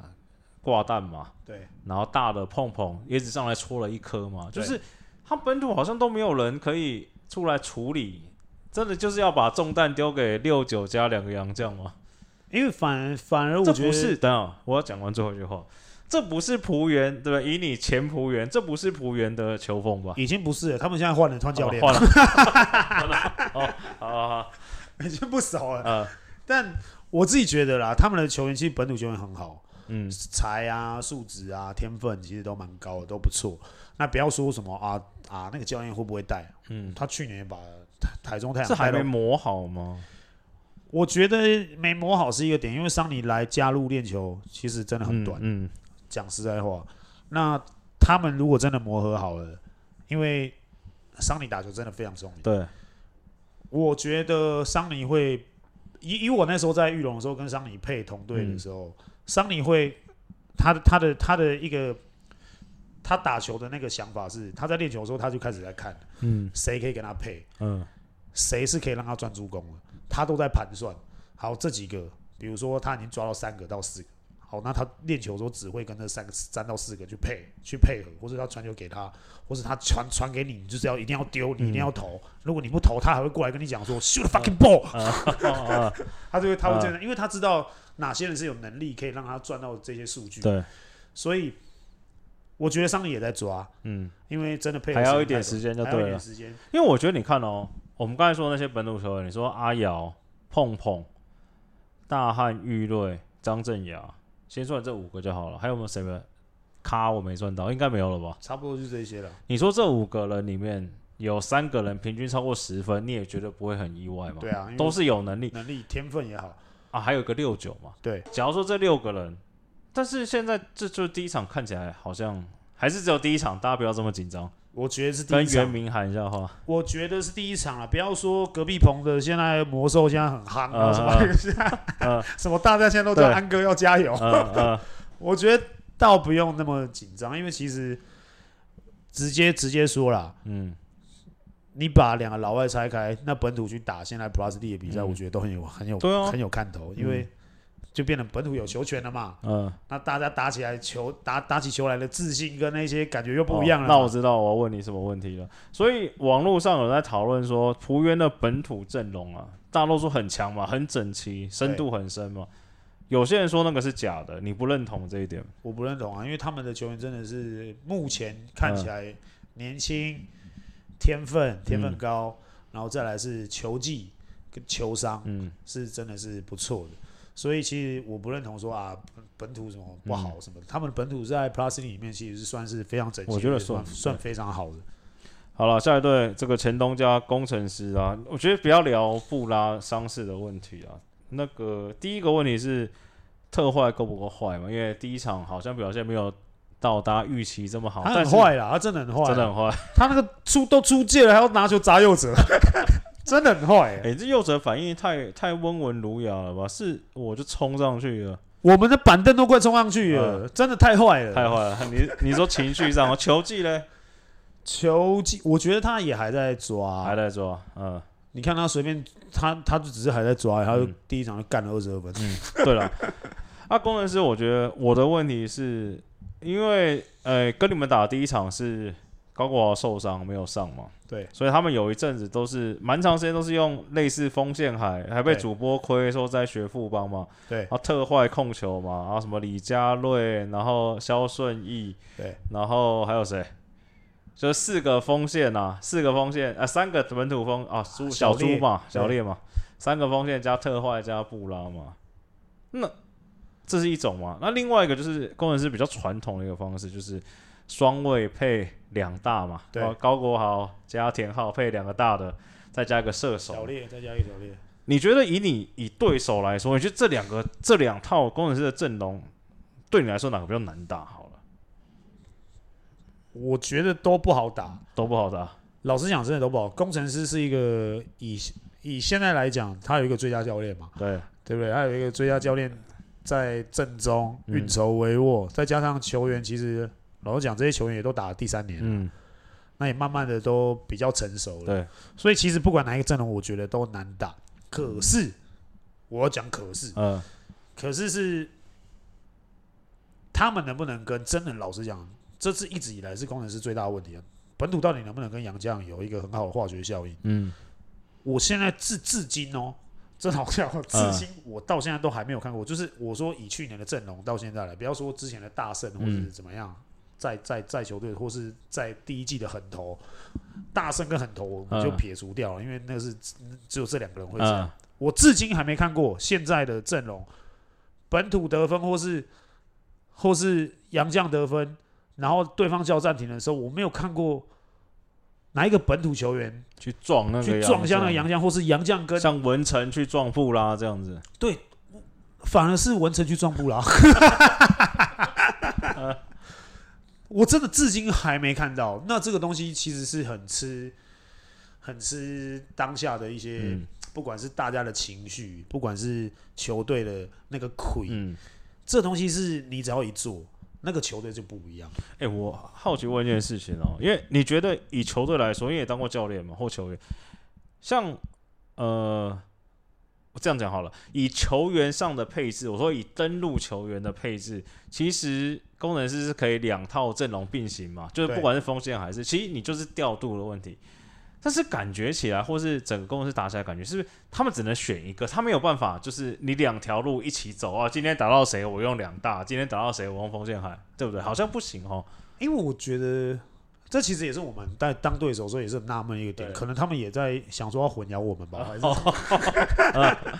掛彈嘛，對，然後大的碰碰，椰子上來戳了一顆嘛，就是他本土好像都沒有人可以出來處理，真的就是要把重擔丟給六九加兩個洋將嗎？因為反而反而我覺得，等等，我要講完最後一句話，這不是璞園，對不對，以你前璞園，這不是璞園的球風吧？已經不是了，他們現在換了串教練了。真的，哦， 好好，好，已經不熟了。呃，但我自己覺得啦，他們的球員其實本土球員很好。嗯，材啊，素質啊，天分其實都蠻高的，都不錯。那不要說什麼啊啊，那個教練會不會帶？嗯，他去年也把台中太陽這還沒磨好嗎？我覺得沒磨好是一個點，因為桑尼來加入練球其實真的很短。嗯，講、嗯、實在話，那他們如果真的磨合好了，因為桑尼打球真的非常聰明。對，我覺得桑尼會，以以我那時候在裕隆的時候跟桑尼配同隊的時候。嗯桑尼會，他的他的他的一個，他打球的那個想法是，他在練球的時候他就開始在看，嗯，誰可以跟他配，嗯，誰是可以讓他賺助攻的，他都在盤算。好，這幾個，比如說他已經抓到三個到四個。好，那他練球的時候，只會跟那三個三到四個去配、去配合，或者他傳球給他，或者他傳傳給你，你就是要一定要丟，你一定要投。嗯、如果你不投，他還會過來跟你講說 shoot the、啊、fucking ball、啊。 啊、 他就會他會這樣，啊、因為他知道哪些人是有能力可以讓他賺到這些數據。對，所以我覺得上面也在抓，嗯，因為真的配合還要一點時間就對了，一點時間。因為我覺得你看哦，我們剛才說那些本土球員，你說阿瑤、碰碰、大漢、玉瑞、張振雅。先算這五個就好了，還有沒有誰了？卡我沒算到，應該沒有了吧？差不多就這些了。你說這五個人裡面有三個人平均超過十分，你也覺得不會很意外嗎？嗯、對啊，都是有能力、能力、天分也好啊，還有一個六九嘛。對，假如說這六個人，但是現在這就是第一場，看起來好像還是只有第一場，大家不要這麼緊張。我覺得是第一,一下我覺得是第一場啊，不要說隔壁棚的，現在魔獸現在很夯啊、呃，呃、什麼、呃、什麼大家現在都叫安哥要加油。 呃呃、我覺得倒不用那麼緊張，因為其實直接直接說啦，嗯，你把兩個老外拆開，那本土去打，現在 Plus D 的比賽、嗯，我覺得都很有很有、哦、很有看頭，因為、嗯。就變成本土有球權了嘛。嗯，那大家打起來球打打起球來的自信跟那些感覺又不一樣了。哦。那我知道我要問你什麼問題了。所以網絡上有在討論說，富邦的本土陣容啊，大多數很強嘛，很整齊，深度很深嘛。有些人說那個是假的，你不認同這一點，我不認同啊，因為他們的球員真的是目前看起來年輕，嗯，天分天分高，嗯，然後再來是球技跟球商，嗯，是真的是不錯的。所以其實我不認同說啊，本土什麼不好什麼，嗯、他們的本土在 Plus 裡裡面其實是算是非常整齊，我覺得算算非常好的。好了，下一隊，這個前東家攻城師啊，我覺得不要聊布拉傷勢的問題啊。那個第一個問題是特壞夠不夠壞嘛？因為第一場好像表現沒有到達預期這麼好，他很壞啦，他真的很壞，啊，真的很壞，啊。他那個出都出界了，還要拿球砸右者。 真的很壞、欸！哎、欸，這右折反應太太溫文儒雅了吧？是我就衝上去了，我們的板凳都快衝上去了，呃、真的太壞了，太壞了！你你說情緒上嗎？ 球技嘞，球技，我覺得他也還在抓，還在抓。嗯、呃，你看他隨便，他他就只是還在抓，嗯、他就第一場就幹了二十二分。嗯，對了，啊，攻城師，我覺得我的問題是因為，哎、欸，跟你們打第一場是。高國豪受傷沒有上嘛？對，所以他們有一陣子都是蠻長時間都是用類似鋒線海，還被主播虧說在學富邦嘛。對，然後特壞控球嘛，然後什麼李家瑞，然後肖順義，對，然後還有誰？就四個鋒線吶、啊，四個鋒線啊，三個本土鋒啊，小豬嘛，小烈嘛，三個鋒線加特壞加布拉嘛。那這是一種嘛？那另外一個就是攻城獅比較傳統的一個方式就是。雙衛配兩大嘛，對，高國豪加田浩配兩個大的，再加一個射手，小獵，再加一個小獵。你覺得以你以對手來說，你覺得這兩個這兩套工程師的陣容對你來說哪個比較難打？好了，我覺得都不好打，都不好打。老實講，真的都不好。工程師是一個以以現在來講，他有一個最佳教練嘛，對對不對？他有一個最佳教練在陣中運籌帷幄、嗯，再加上球員其實。老實講，這些球員也都打了第三年了、啊，嗯，那也慢慢的都比較成熟了。對，所以其實不管哪一個陣容，我覺得都難打。可是，我要講可是，呃、可是是他們能不能跟真人老實講，這次一直以來是攻城師最大的問題。本土到底能不能跟洋將有一個很好的化學效應？嗯，我現在至至今哦，真好笑，至今我到現在都還沒有看過、呃。就是我說以去年的陣容到現在來，不要說之前的大勝或者是怎麼樣。嗯在在在球隊，或是，在第一季的狠頭，大勝跟狠頭，我們就撇除掉了，因為那是只有這兩個人會。我至今還沒看過現在的陣容，本土得分或是或是洋將得分，然後對方叫暫停的時候，我沒有看過哪一個本土球員去撞那個撞向那個洋將，或是洋將跟像文成去撞布拉，這樣子。對，反而是文成去撞布拉。 我真的至今還沒看到，那這個東西其實是很吃、很吃當下的一些，嗯、不管是大家的情緒，不管是球隊的那個虧、嗯，這東西是你只要一做，那個球隊就不一樣。誒、欸，我好奇問一件事情哦，嗯、因為你覺得以球隊來說，因為也當過教練嘛或球員，像呃。我這樣講好了，以球員上的配置，我說以登錄球員的配置，其實攻城師是可以兩套陣容並行嘛，就是不管是鋒線還是，其實你就是調度的問題。但是感覺起來，或是整個公司打起來，感覺是不是他們只能選一個，他沒有辦法，就是你兩條路一起走啊？今天打到誰，我用兩大；今天打到誰，我用鋒線海，對不對？嗯、好像不行哦，因為我覺得。這其實也是我們在當對手時候也是很納悶一個點，可能他們也在想說要混淆我們吧。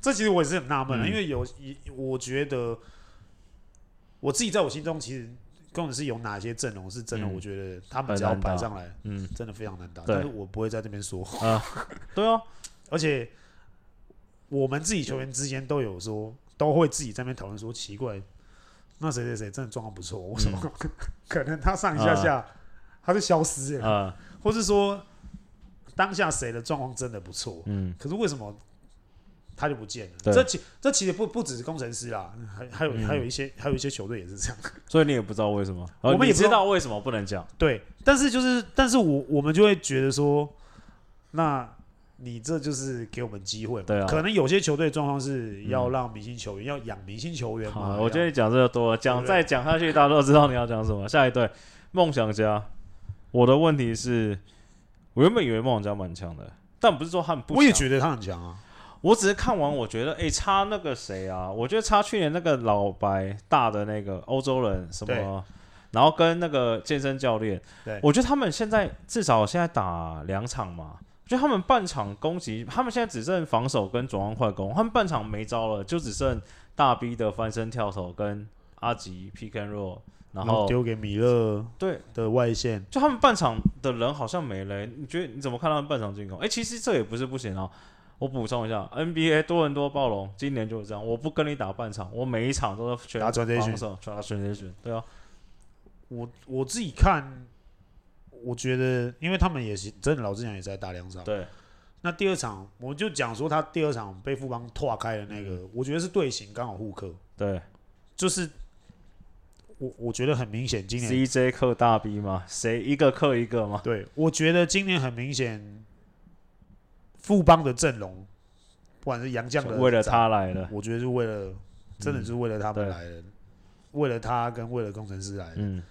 這其實我也是很納悶的，嗯、因為有我覺得我自己在我心中其實更是有哪些陣容是真的，我覺得他們只要擺上來，嗯，真的非常難打。但是我不會在這邊說、嗯。 對啊，而且我們自己球員之間都有說，都會自己在那邊討論說，奇怪，那誰誰誰真的狀況不錯，為什麼？可能他上一下下、嗯。他就消失了，啊、嗯，或是說當下誰的狀況真的不錯，嗯，可是為什麼他就不見了？這其這其實不不只是工程師啦，還、嗯、還有、嗯、還有一些還有一些球隊也是這樣，所以你也不知道為什麼。我們也不知道，知道為什麼不能講，對，但是就是，但是我我們就會覺得說，那你這就是給我們機會嘛，對啊，可能有些球隊狀況是要讓明星球員、嗯、要養明星球員嘛。啊、我覺得你講這個多了，講再講下去，大家都知道你要講什麼。下一隊夢想家。我的問題是，我原本以為夢想家蠻強的，但不是說他很不強，我也覺得他很強啊，我只是看完我覺得，誒、欸、差那個誰啊？我覺得差去年那個老白大的那個歐洲人什麼，然後跟那個健身教練，對，我覺得他們現在至少現在打兩場嘛，我覺得他們半場攻擊，他們現在只剩防守跟轉換快攻，他們半場沒招了，就只剩大逼的翻身跳投跟阿吉 Pick and Roll，然後丟給米勒，對的外線，就他們半場的人好像沒了，欸。你覺得你怎麼看他們半場進攻？哎，欸，其實這也不是不行哦，啊，我補充一下，NBA 多倫多暴龍今年就是這樣，我不跟你打半場，我每一場都是全防守，全全全全對啊。我我自己看，我覺得因為他們也是真的，老實講也在打兩場。對，那第二場我就講說他第二場被富邦拓開的那個，嗯、我覺得是隊形剛好互克。對，就是。我我覺得很明顯，今年 CJ 克大 B 嘛，誰一個克一個嘛，對，我覺得今年很明顯，富邦的陣容，不管是洋將的，為了他來的，我覺得是為了，嗯、真的是為了他們來的，為了他跟為了工程師來的。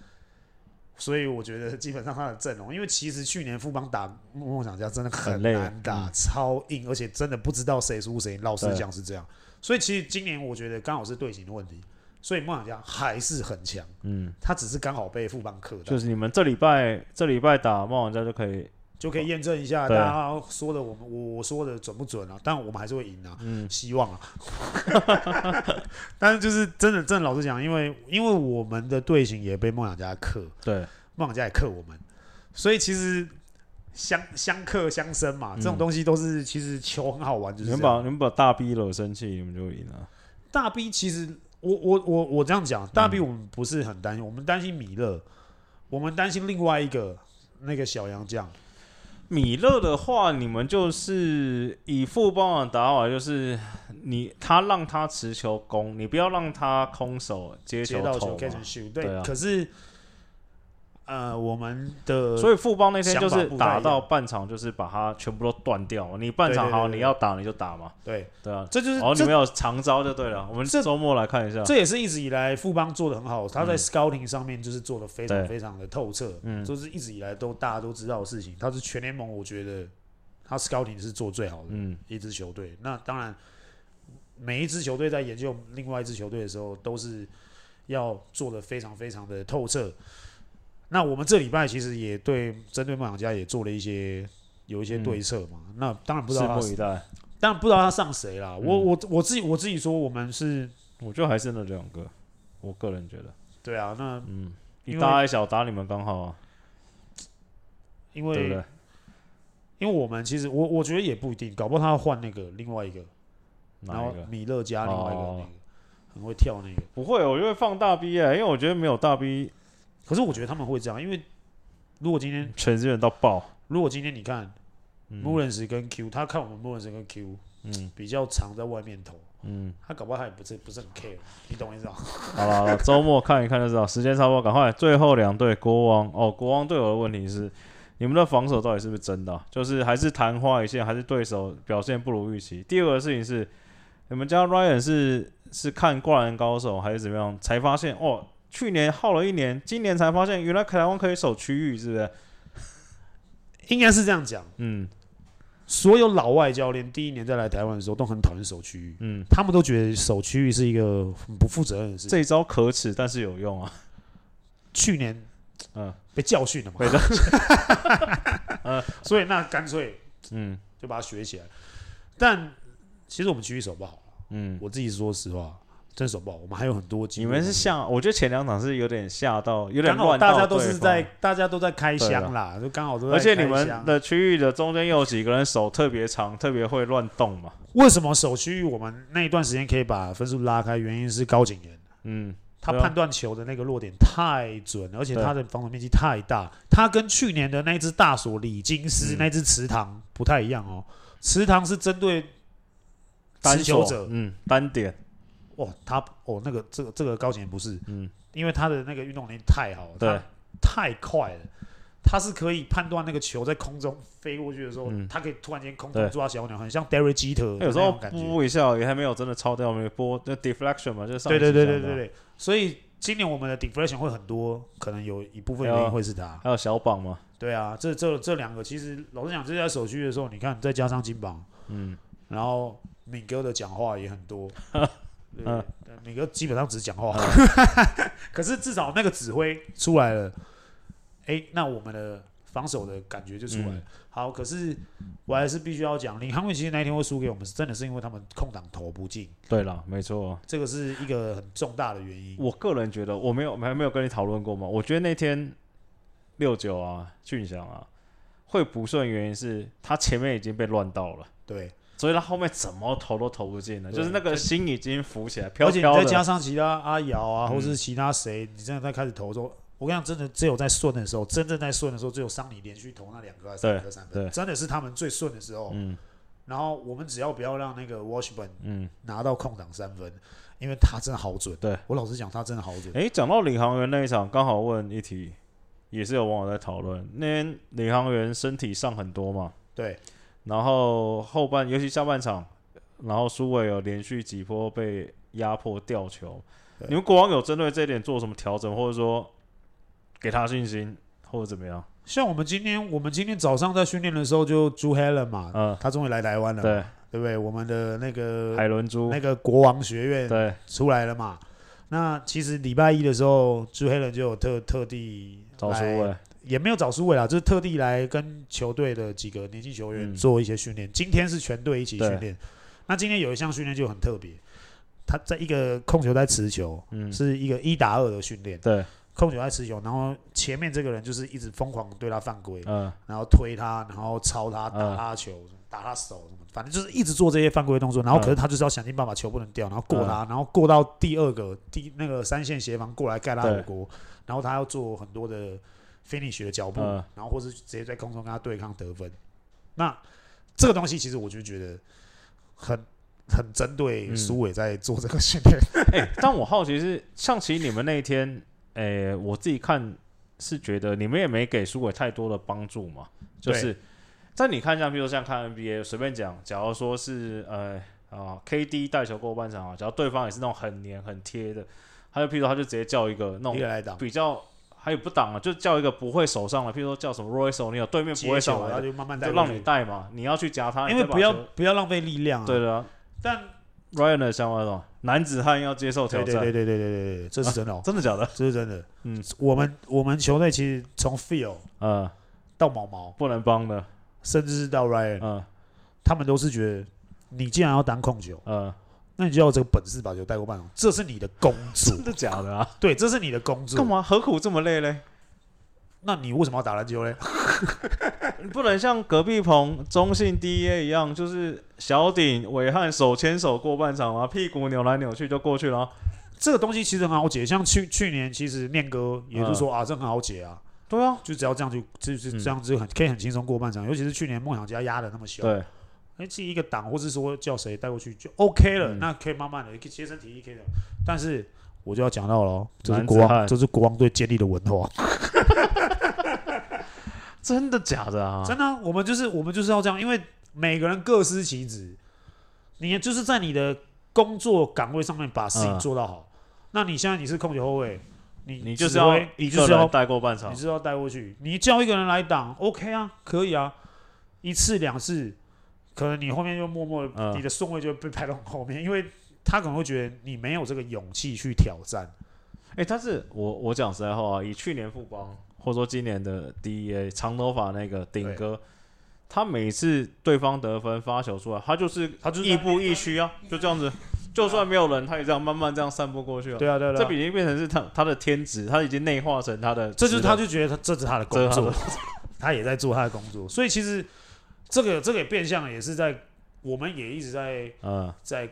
所以我覺得基本上他的陣容，因為其實去年富邦打夢想家真的很難打，超硬，而且真的不知道誰輸誰贏，老實講是這樣。所以其實今年我覺得剛好是隊形的問題。所以夢想家還是很強，嗯，他只是剛好被富邦克的。就是你們這禮拜這禮拜打夢想家就可以，就可以驗證一下、啊、大家說的我們我說的準不準啊？但我們還是會贏啊，嗯，希望啊。嗯、 但是就是真的，真的老實講，因為因為我們的隊形也被夢想家克，對，夢想家也克我們，所以其實相相克相生嘛、嗯，這種東西都是其實球很好玩，就是你們把你們把大 B 惹生氣，你們就贏了。大 B 其實。我我我我這樣講，大比我們不是很擔心、嗯，我們擔心米勒，我們擔心另外一個那個小洋將，米勒的話，你們就是以富邦的打法，就是你他讓他持球攻，你不要讓他空手接，球接到球，對，對、啊，可是。呃，我們的所以富邦那天就是打到半場，就是把它全部都斷掉了。你半場好，對對對對，你要打你就打嘛。對對，對對啊，對這就是哦，你們有長招就對了。我們這周末來看一下這，這也是一直以來富邦做的很好。他在 scouting 上面，就是做的非常非常的透徹，嗯，就是一直以來都大家都知道的事情。他是全聯盟我覺得他 scouting 是做最好的，嗯，一支球隊、嗯。那當然，每一支球隊在研究另外一支球隊的時候，都是要做的非常非常的透徹。那我們這禮拜其實也對針對夢想家也做了一些有一些對策嘛。嗯、那當然不知道不當然不知道他上誰啦。嗯、我我我自己我自己說，我們是我就還是那兩個，我個人覺得對啊。那嗯，一大一小打你們剛好啊，因為對對因為我們其實我我覺得也不一定，搞不好他要換那個另外一個，一個，然後米勒加另外一個、哦那個、很會跳那個不會、哦，我就會放大 B 啊、欸，因為我覺得沒有大 B。可是我覺得他們會這樣，因為如果今天全世界都爆，如果今天你看穆恩斯跟 Q，他看我們穆恩斯跟 Q，嗯，比較常在外面投，嗯，他搞不好他也不是不是很 care，你懂我意思嗎？好了，周 末看一看就知道，時間差不多，趕快最後兩隊國王哦，國王隊友的問題是，你們的防守到底是不是真的啊？就是還是曇花一現，還是對手表現不如預期？第二個事情是，你們家 Ryan 是是看灌籃高手還是怎麼樣才發現哦？去年耗了一年，今年才發現原來台灣可以守區域，是不是？ 應該是這樣講。嗯，所有老外教練第一年再來台灣的時候都很討厭守區域。嗯，他們都覺得守區域是一個很不負責任的事情。這一招可恥，但是有用啊。 去年，嗯、呃，被教訓了嘛？被教訓。嗯、 呃，所以那乾脆，嗯，就把它學起來、嗯。但其實我們區域守不好。嗯，我自己說實話。真守不好，我們還有很多機會。你們是像，我覺得前兩場是有點嚇到，有點亂。剛好大家都是在，大家都在開箱啦，就剛好都在開箱。而且你們的區域的中間有幾個人手特別長，特別會亂動嘛？為什麼守區域我們那一段時間可以把分數拉開？原因是高景元、啊，嗯，他判斷球的那個落點太準，而且他的防守面積太大。他跟去年的那隻大鎖李金斯、嗯、那隻池塘不太一樣哦。池塘是針對持球者單，嗯，單點。哦他哦，那個這個這個高景不是，嗯，因為他的那個運動能力太好了，對，太快了，他是可以判斷那個球在空中飛過去的時候，他、嗯、可以突然間空中抓小鳥，很像 Derek Jeter 有時候感覺一下也還沒有真的超掉，沒波，那 deflection 嘛，就上次上對對對對對對，所以今年我們的 deflection 會很多，可能有一部分原因會是他還，還有小榜嗎？對啊，這這這兩個其實老實講，這在手續的時候，你看再加上金榜，嗯，然後敏哥的講話也很多。 對、每、啊、個基本上只是講話，啊、 可是至少那個指揮出來了，哎，那我們的防守的感覺就出來了。嗯、好，可是我還是必須要講，林康偉其實那一天會輸給我們，真的是因為他們空檔投不進。對啦，沒錯，這個是一個很重大的原因。我個人覺得，我沒有，我還沒有跟你討論過嘛。我覺得那天六九啊，俊祥啊，會不順原因是他前面已經被亂到了。對。所以他後面怎麼投都投不進，就是那個心已經浮起來飄。而且你再加上其他阿瑤啊、嗯，或是其他誰，你真的在開始投的時候，我跟你講，真的只有在順的時候，真正在順的時候，只有傷你連續投那兩個，個三分、三分，真的是他們最順的時候。嗯。然後我們只要不要讓那個 Washburn 嗯拿到空檔三分、嗯，因為他真的好準。對，我老實講，他真的好準。哎、欸，講到領航員那一場，剛好問一題，也是有網友在討論，那天領航員身體傷很多嘛？對。然後後半，尤其下半場，然後蘇偉有連續幾波被壓迫吊球。你們國王有針對這一點做什麼調整，或者說給他信心，或者怎麼樣？像我們今天，我們今天早上在訓練的時候就朱 Helen 嘛，嗯，他終於來台灣了，對，對不對？我們的那個海倫朱，那個國王學院對出來了嘛？那其實禮拜一的時候，朱 Helen 就有特特地來找蘇也沒有找出偉啦，就是特地來跟球隊的幾個年輕球員做一些訓練。今天是全隊一起訓練。那今天有一項訓練就很特別，他在一個控球在持球、嗯，是一個一打二的訓練。對，控球在持球，然後前面這個人就是一直瘋狂對他犯規、嗯，然後推他，然後抄他，打他球、嗯，打他手，什麼，反正就是一直做這些犯規動作。然後可是他就是要想盡辦法球不能掉，然後過他，然後過到第二個第那個三線協防過來蓋他的鍋，然後他要做很多的。finish 的腳步、呃，然後或是直接在空中跟他對抗得分。那這個東西其實我就覺得很很針對蘇偉在做這個訓練。哎、嗯 ，但我好奇是，像其實你們那一天，誒，我自己看是覺得你們也沒給蘇偉太多的幫助嘛？就是在你看一下，譬如說像看 NBA，隨便講，假如說是呃啊 KD 帶球過半場啊，假如對方也是那種很黏很貼的，他就譬如他就直接叫一個那種比較。還有不擋了，就叫一個不會手上的，比如說叫什麼 Royce 你有對面不會上的，他就慢慢帶就讓你帶嘛，你要去夾他，因為不要不要浪費力量啊。對了啊，但 Ryan 的想法是什麼？男子漢要接受挑戰。對對對對對，這是真的，哦，真的假的？這是真的。嗯，我們我們球隊其實從 Feel 呃到毛毛不能幫的，甚至是到 Ryan，呃呃他們都是覺得你既然要當控球，嗯。那你就要這個本事把球帶過半場，這是你的工資， 真的假的啊？對，這是你的工資。幹嘛？何苦這麼累嘞？那你為什麼要打籃球嘞？你 不能像隔壁棚中信 DEA 一樣，就是小頂韋翰手牽手過半場嗎？屁股扭來扭去就過去了。這個東西其實很好解，像去去年其實念哥也就是說、呃、啊，這很好解啊。對啊，就只要這樣就就是這樣子很、嗯、可以很輕鬆過半場，尤其是去年夢想家壓的那麼小。哎，進一個擋，或是說叫誰帶過去就 OK 了。嗯、那可以慢慢的，也可以切身體會，可以的。但是我就要講到了，這、就是國王，這、就是國王隊建立的文化。 真的假的啊？真的、啊，我們就是我們就是要這樣，因為每個人各司其職。你就是在你的工作崗位上面把事情做到好、嗯。那你現在你是控球後衛，你你就是要你就是要帶過半場，你就是要帶過去。你叫一個人來擋，OK 啊，可以啊，一次兩次。.可能你後面就默默的，你的順位就被排到後面、呃，因為他可能會覺得你沒有這個勇氣去挑戰、欸他。誒，但是我我講實在話啊，以去年富邦，或者說今年的 D E A 長頭髮那個頂哥，他每次對方得分發球出來，他就是異異、啊、他就是亦步亦趨啊，就這樣子，就算沒有人， 他也這樣慢慢這樣散步過去了、啊啊啊。對啊，對啊，這已經變成是他他的天職，他已經內化成他的，這就是他就覺得他這是他的工作，他，工作 他也在做他的工作，所以其實。這個這個也變相也是在，我們也一直在，嗯、呃，在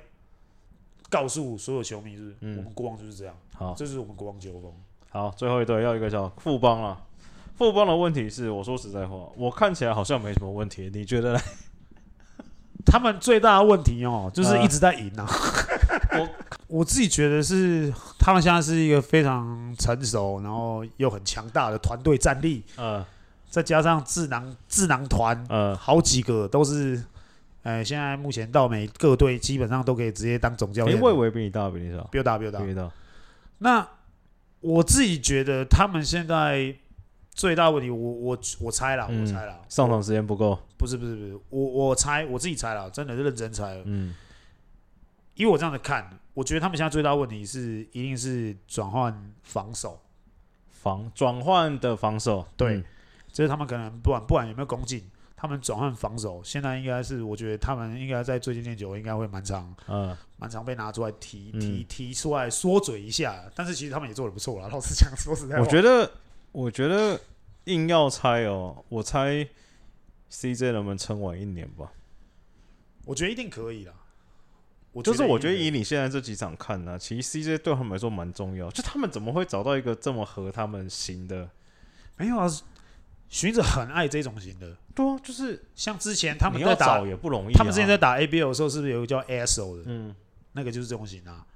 告訴所有球迷是，是、嗯，我們國王就是這樣，好，這是我們國王球風。好，最後一隊要一個叫富邦了。富邦的問題是，我說實在話，我看起來好像沒什麼問題，你覺得呢？他們最大的問題哦、喔，就是一直在贏啊。呃、 我我自己覺得是，他們現在是一個非常成熟，然後又很強大的團隊戰力，嗯、呃。再加上智囊智囊團，呃，好幾個都是，哎，現在目前到每個隊基本上都可以直接當總教練。哎，韋維斌，到沒到？沒有打，沒有打。那我自己覺得他們現在最大問題，我我我猜了，我猜了，上場時間不夠。不是不是不是，我我猜，我自己猜了，真的是認真猜了。嗯。因為我這樣子看，我覺得他們現在最大問題是，一定是轉換防守、嗯，嗯、防轉換的防守，對、嗯。就是他們可能不管不管有沒有攻進，他們轉換防守，現在應該是我覺得他們應該在最近練球應該會蠻常嗯蠻常被拿出來提提、嗯、提出來說嘴一下，但是其實他們也做的不錯啦。老實講，說實在，我覺得我覺得硬要猜哦、喔，我猜 CJ 能不能撐完一年吧？我覺得一定可以啦。我就是我覺得以你現在這幾場看呢、啊，其實 CJ 對他們來說蠻重要，就他們怎麼會找到一個這麼合他們型的？沒有啊。尋着很愛這種型的，對啊，就是像之前他們在打也不容易，啊，他們之前在打 A B L 的時候，是不是有個叫 A S O 的？嗯，那個就是這種型啊，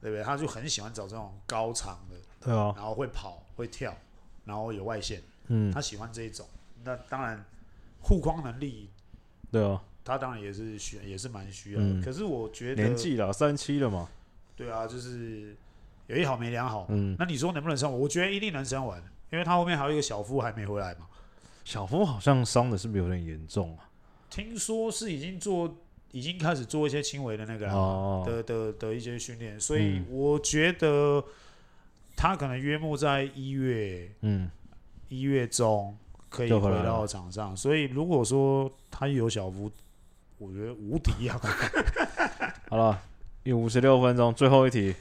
對不對？他就很喜歡找這種高長的，對啊，哦，然後會跑會跳，然後有外線，嗯，他喜歡這一種。那當然護框能力，對啊，哦，他當然也是需也是蠻需要。嗯，可是我覺得年紀了三七了嘛，對啊，就是有一好沒兩好，嗯，那你說能不能上？我覺得一定能上完。因為他後面還有一個小夫還沒回來嘛，小夫好像傷的是不是有點嚴重啊？聽說是已經做已經開始做一些輕微的那個哦哦哦哦的的的，的一些訓練，所以我覺得他可能約莫在一月，嗯，一月中可以回到場上。所以如果說他有小夫，我覺得無敵啊 好吧！ 好了，有五十六分鐘，最後一題，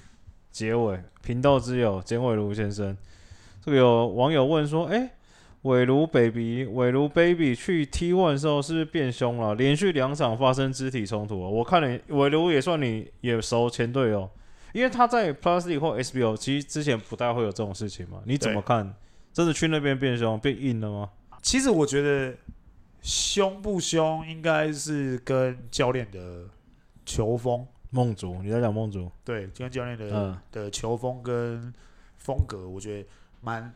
結尾頻道之友簡偉如先生。這個有網友問說：“誒，韋盧 baby，韋盧 baby 去 T1 的時候是不是變兇了？連續兩場發生肢體衝突啊！我看你韋盧也算你也熟前隊友哦，因為他在 Plus League 或 SBO，其實之前不太會有這種事情嘛。你怎麼看？真的去那邊變兇變硬了嗎？”其實我覺得兇不兇應該是跟教練的球風。夢竹，你在講夢竹，對，跟教練的、嗯、的球風跟風格，我覺得。蠻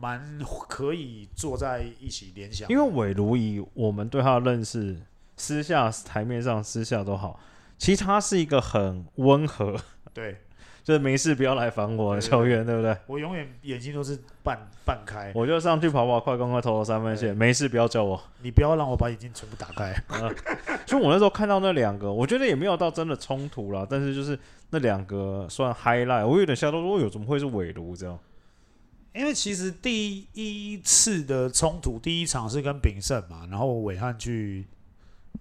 蠻可以坐在一起聯想，因為韋如以我們對他的認識，私下台面上私下都好，其實他是一個很溫和，對， 就是沒事不要來煩我的球員，對不對？我永遠眼睛都是半半開，我就上去跑跑快快快投了三分線，沒事不要叫我，你不要讓我把眼睛全部打開。就、 呃、我那時候看到那兩個，我覺得也沒有到真的衝突了，但是就是那兩個算 highlight，我有點嚇到說，有怎麼會是韋如這樣？因為其實第一次的衝突，第一場是跟炳勝嘛，然後韋翰去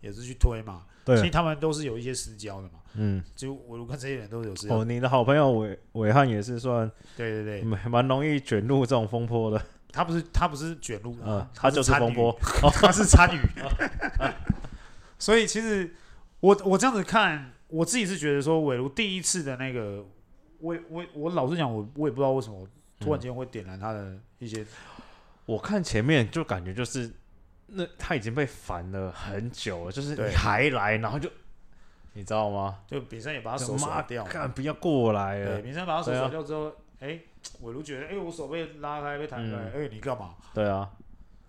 也是去推嘛，所以他們都是有一些私交的嘛。嗯，就韋翰跟這些人都有私交哦，你的好朋友韋韋翰也是算對對對，蠻容易捲入這種風波的。他不是他不是捲入，嗯、呃，他就是風波，他是參與。哦參與哦 哦、 所以其實我我這樣子看，我自己是覺得說，韋翰第一次的那個，我我我老實講，我我也不知道為什麼。突然間會點燃他的一些、嗯，我看前面就感覺就是，那他已經被煩了很久了，就是你還來，然後就你知道嗎？就比賽也把他手抹掉，幹不要過來了。對比賽把他手甩掉之後，哎、啊欸，我都覺得哎、欸，我手被拉開，被彈開，哎、嗯欸，你幹嘛？對啊，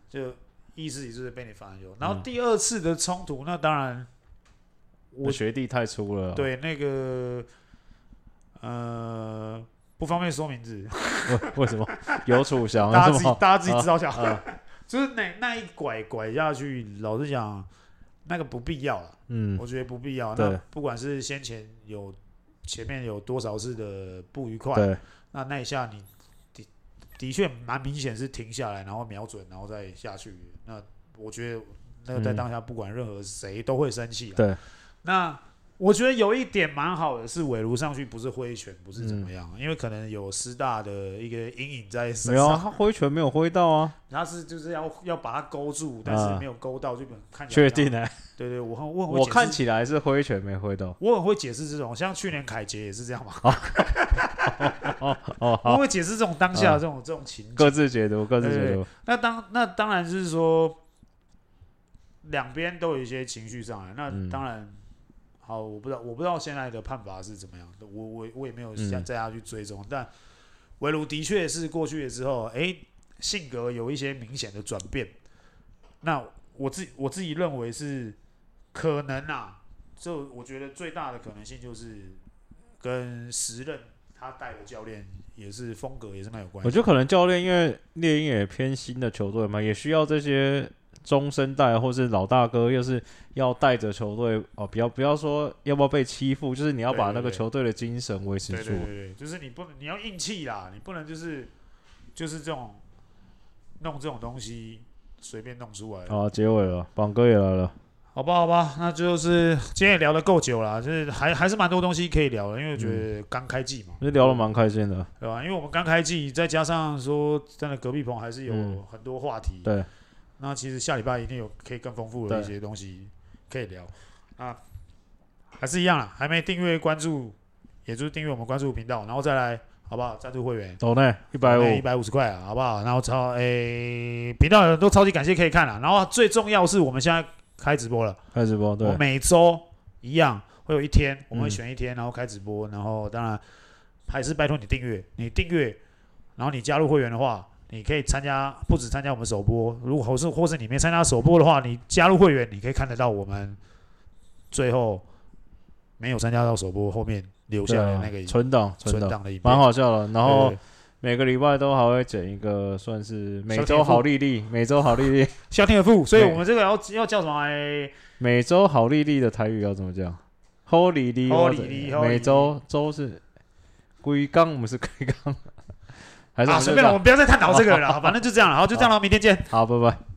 就意思就是被你煩久了。然後第二次的衝突、嗯，那當然我，我學弟太粗了，對那個呃。不方便說名字， 為什麼？有處想，大家自己大家自己知道就好了、啊。啊、 就是那那一拐拐下去，老實講，那個不必要了。嗯，我覺得不必要。那不管是先前有前面有多少次的不愉快，對那那一下你的的確蠻明顯是停下來，然後瞄準，然後再下去。那我覺得那個在當下，不管任何誰都會生氣、嗯。對，那。我覺得有一點蠻好的是韋盧上去不是揮拳不是怎麼樣，嗯、因為可能有師大的一個陰影在身上。沒有、啊，他揮拳沒有揮到啊，他是就是要要把它勾住，但是沒有勾到，啊、就看起來。確定呢，對對，我很，我、很會解釋，我看起來是揮拳沒揮到，我很會解釋這種，像去年凱杰也是這樣嘛。我、啊、會、 哦哦哦、解釋這種當下的這種、哦、這種情緒，各自解讀，各自解讀。對對那當那當然就是說兩邊都有一些情緒上來，那當然。嗯哦，我不知道，我不知道現在的判罰是怎麼樣的，我我我也沒有想在再下去追蹤。嗯、但唯魯的確是過去了之後，哎，性格有一些明顯的轉變。那我自我自己認為是可能啊，就我覺得最大的可能性就是跟時任他帶的教練也是風格也是蠻有關係。我覺得可能教練因為獵鷹也偏新的球隊嘛，也需要這些。中生代或是老大哥，又是要帶着球隊哦、啊，不要不要說要不要被欺負，就是你要把那個球隊的精神維持住。對對，對，對，對就是你不你要硬氣啦，你不能就是就是這種弄這種東西隨便弄出來。好、啊，結尾了，榜哥也來了。好吧，好吧，那就是今天也聊得夠久了，就是還還是蠻多東西可以聊的，因為我覺得剛開季嘛，就、嗯、聊得蠻開心的，對吧、啊？因為我們剛開季，再加上說真的隔壁棚還是有很多話題。嗯、對。那其實下禮拜一定有可以更豐富的一些東西可以聊啊，還是一樣啦，還沒訂閱關注，也就是訂閱我們關注頻道，然後再來好不好？贊助會員，懂內一百五一百五十塊啊，好不好？然後超誒，頻、欸、道人都超級感謝可以看了，然後最重要是我們現在開直播了，開直播對，每周一樣會有一天，我們會選一天、嗯、然後開直播，然後當然還是拜託你訂閱，你訂閱，然後你加入會員的話，你可以參加，不只參加我們首播。如果或是或是你沒參加首播的話，你加入會員，你可以看得到我們最後沒有參加到首播後面留下來那個存檔、啊、存檔的影片，蠻好笑的。然後每個禮拜都還會整一個對對對，算是每周好麗麗，每周好麗麗，夏天的父。 所以我們這個要要叫什麼、啊？每周好麗麗的台語要怎麼講？h o l y l y 每周周是龜剛我們是龜剛還是好啊，隨便了，我們不要再探討這個了， 好，反正就這樣了，好，就這樣了，明天見，好，拜拜。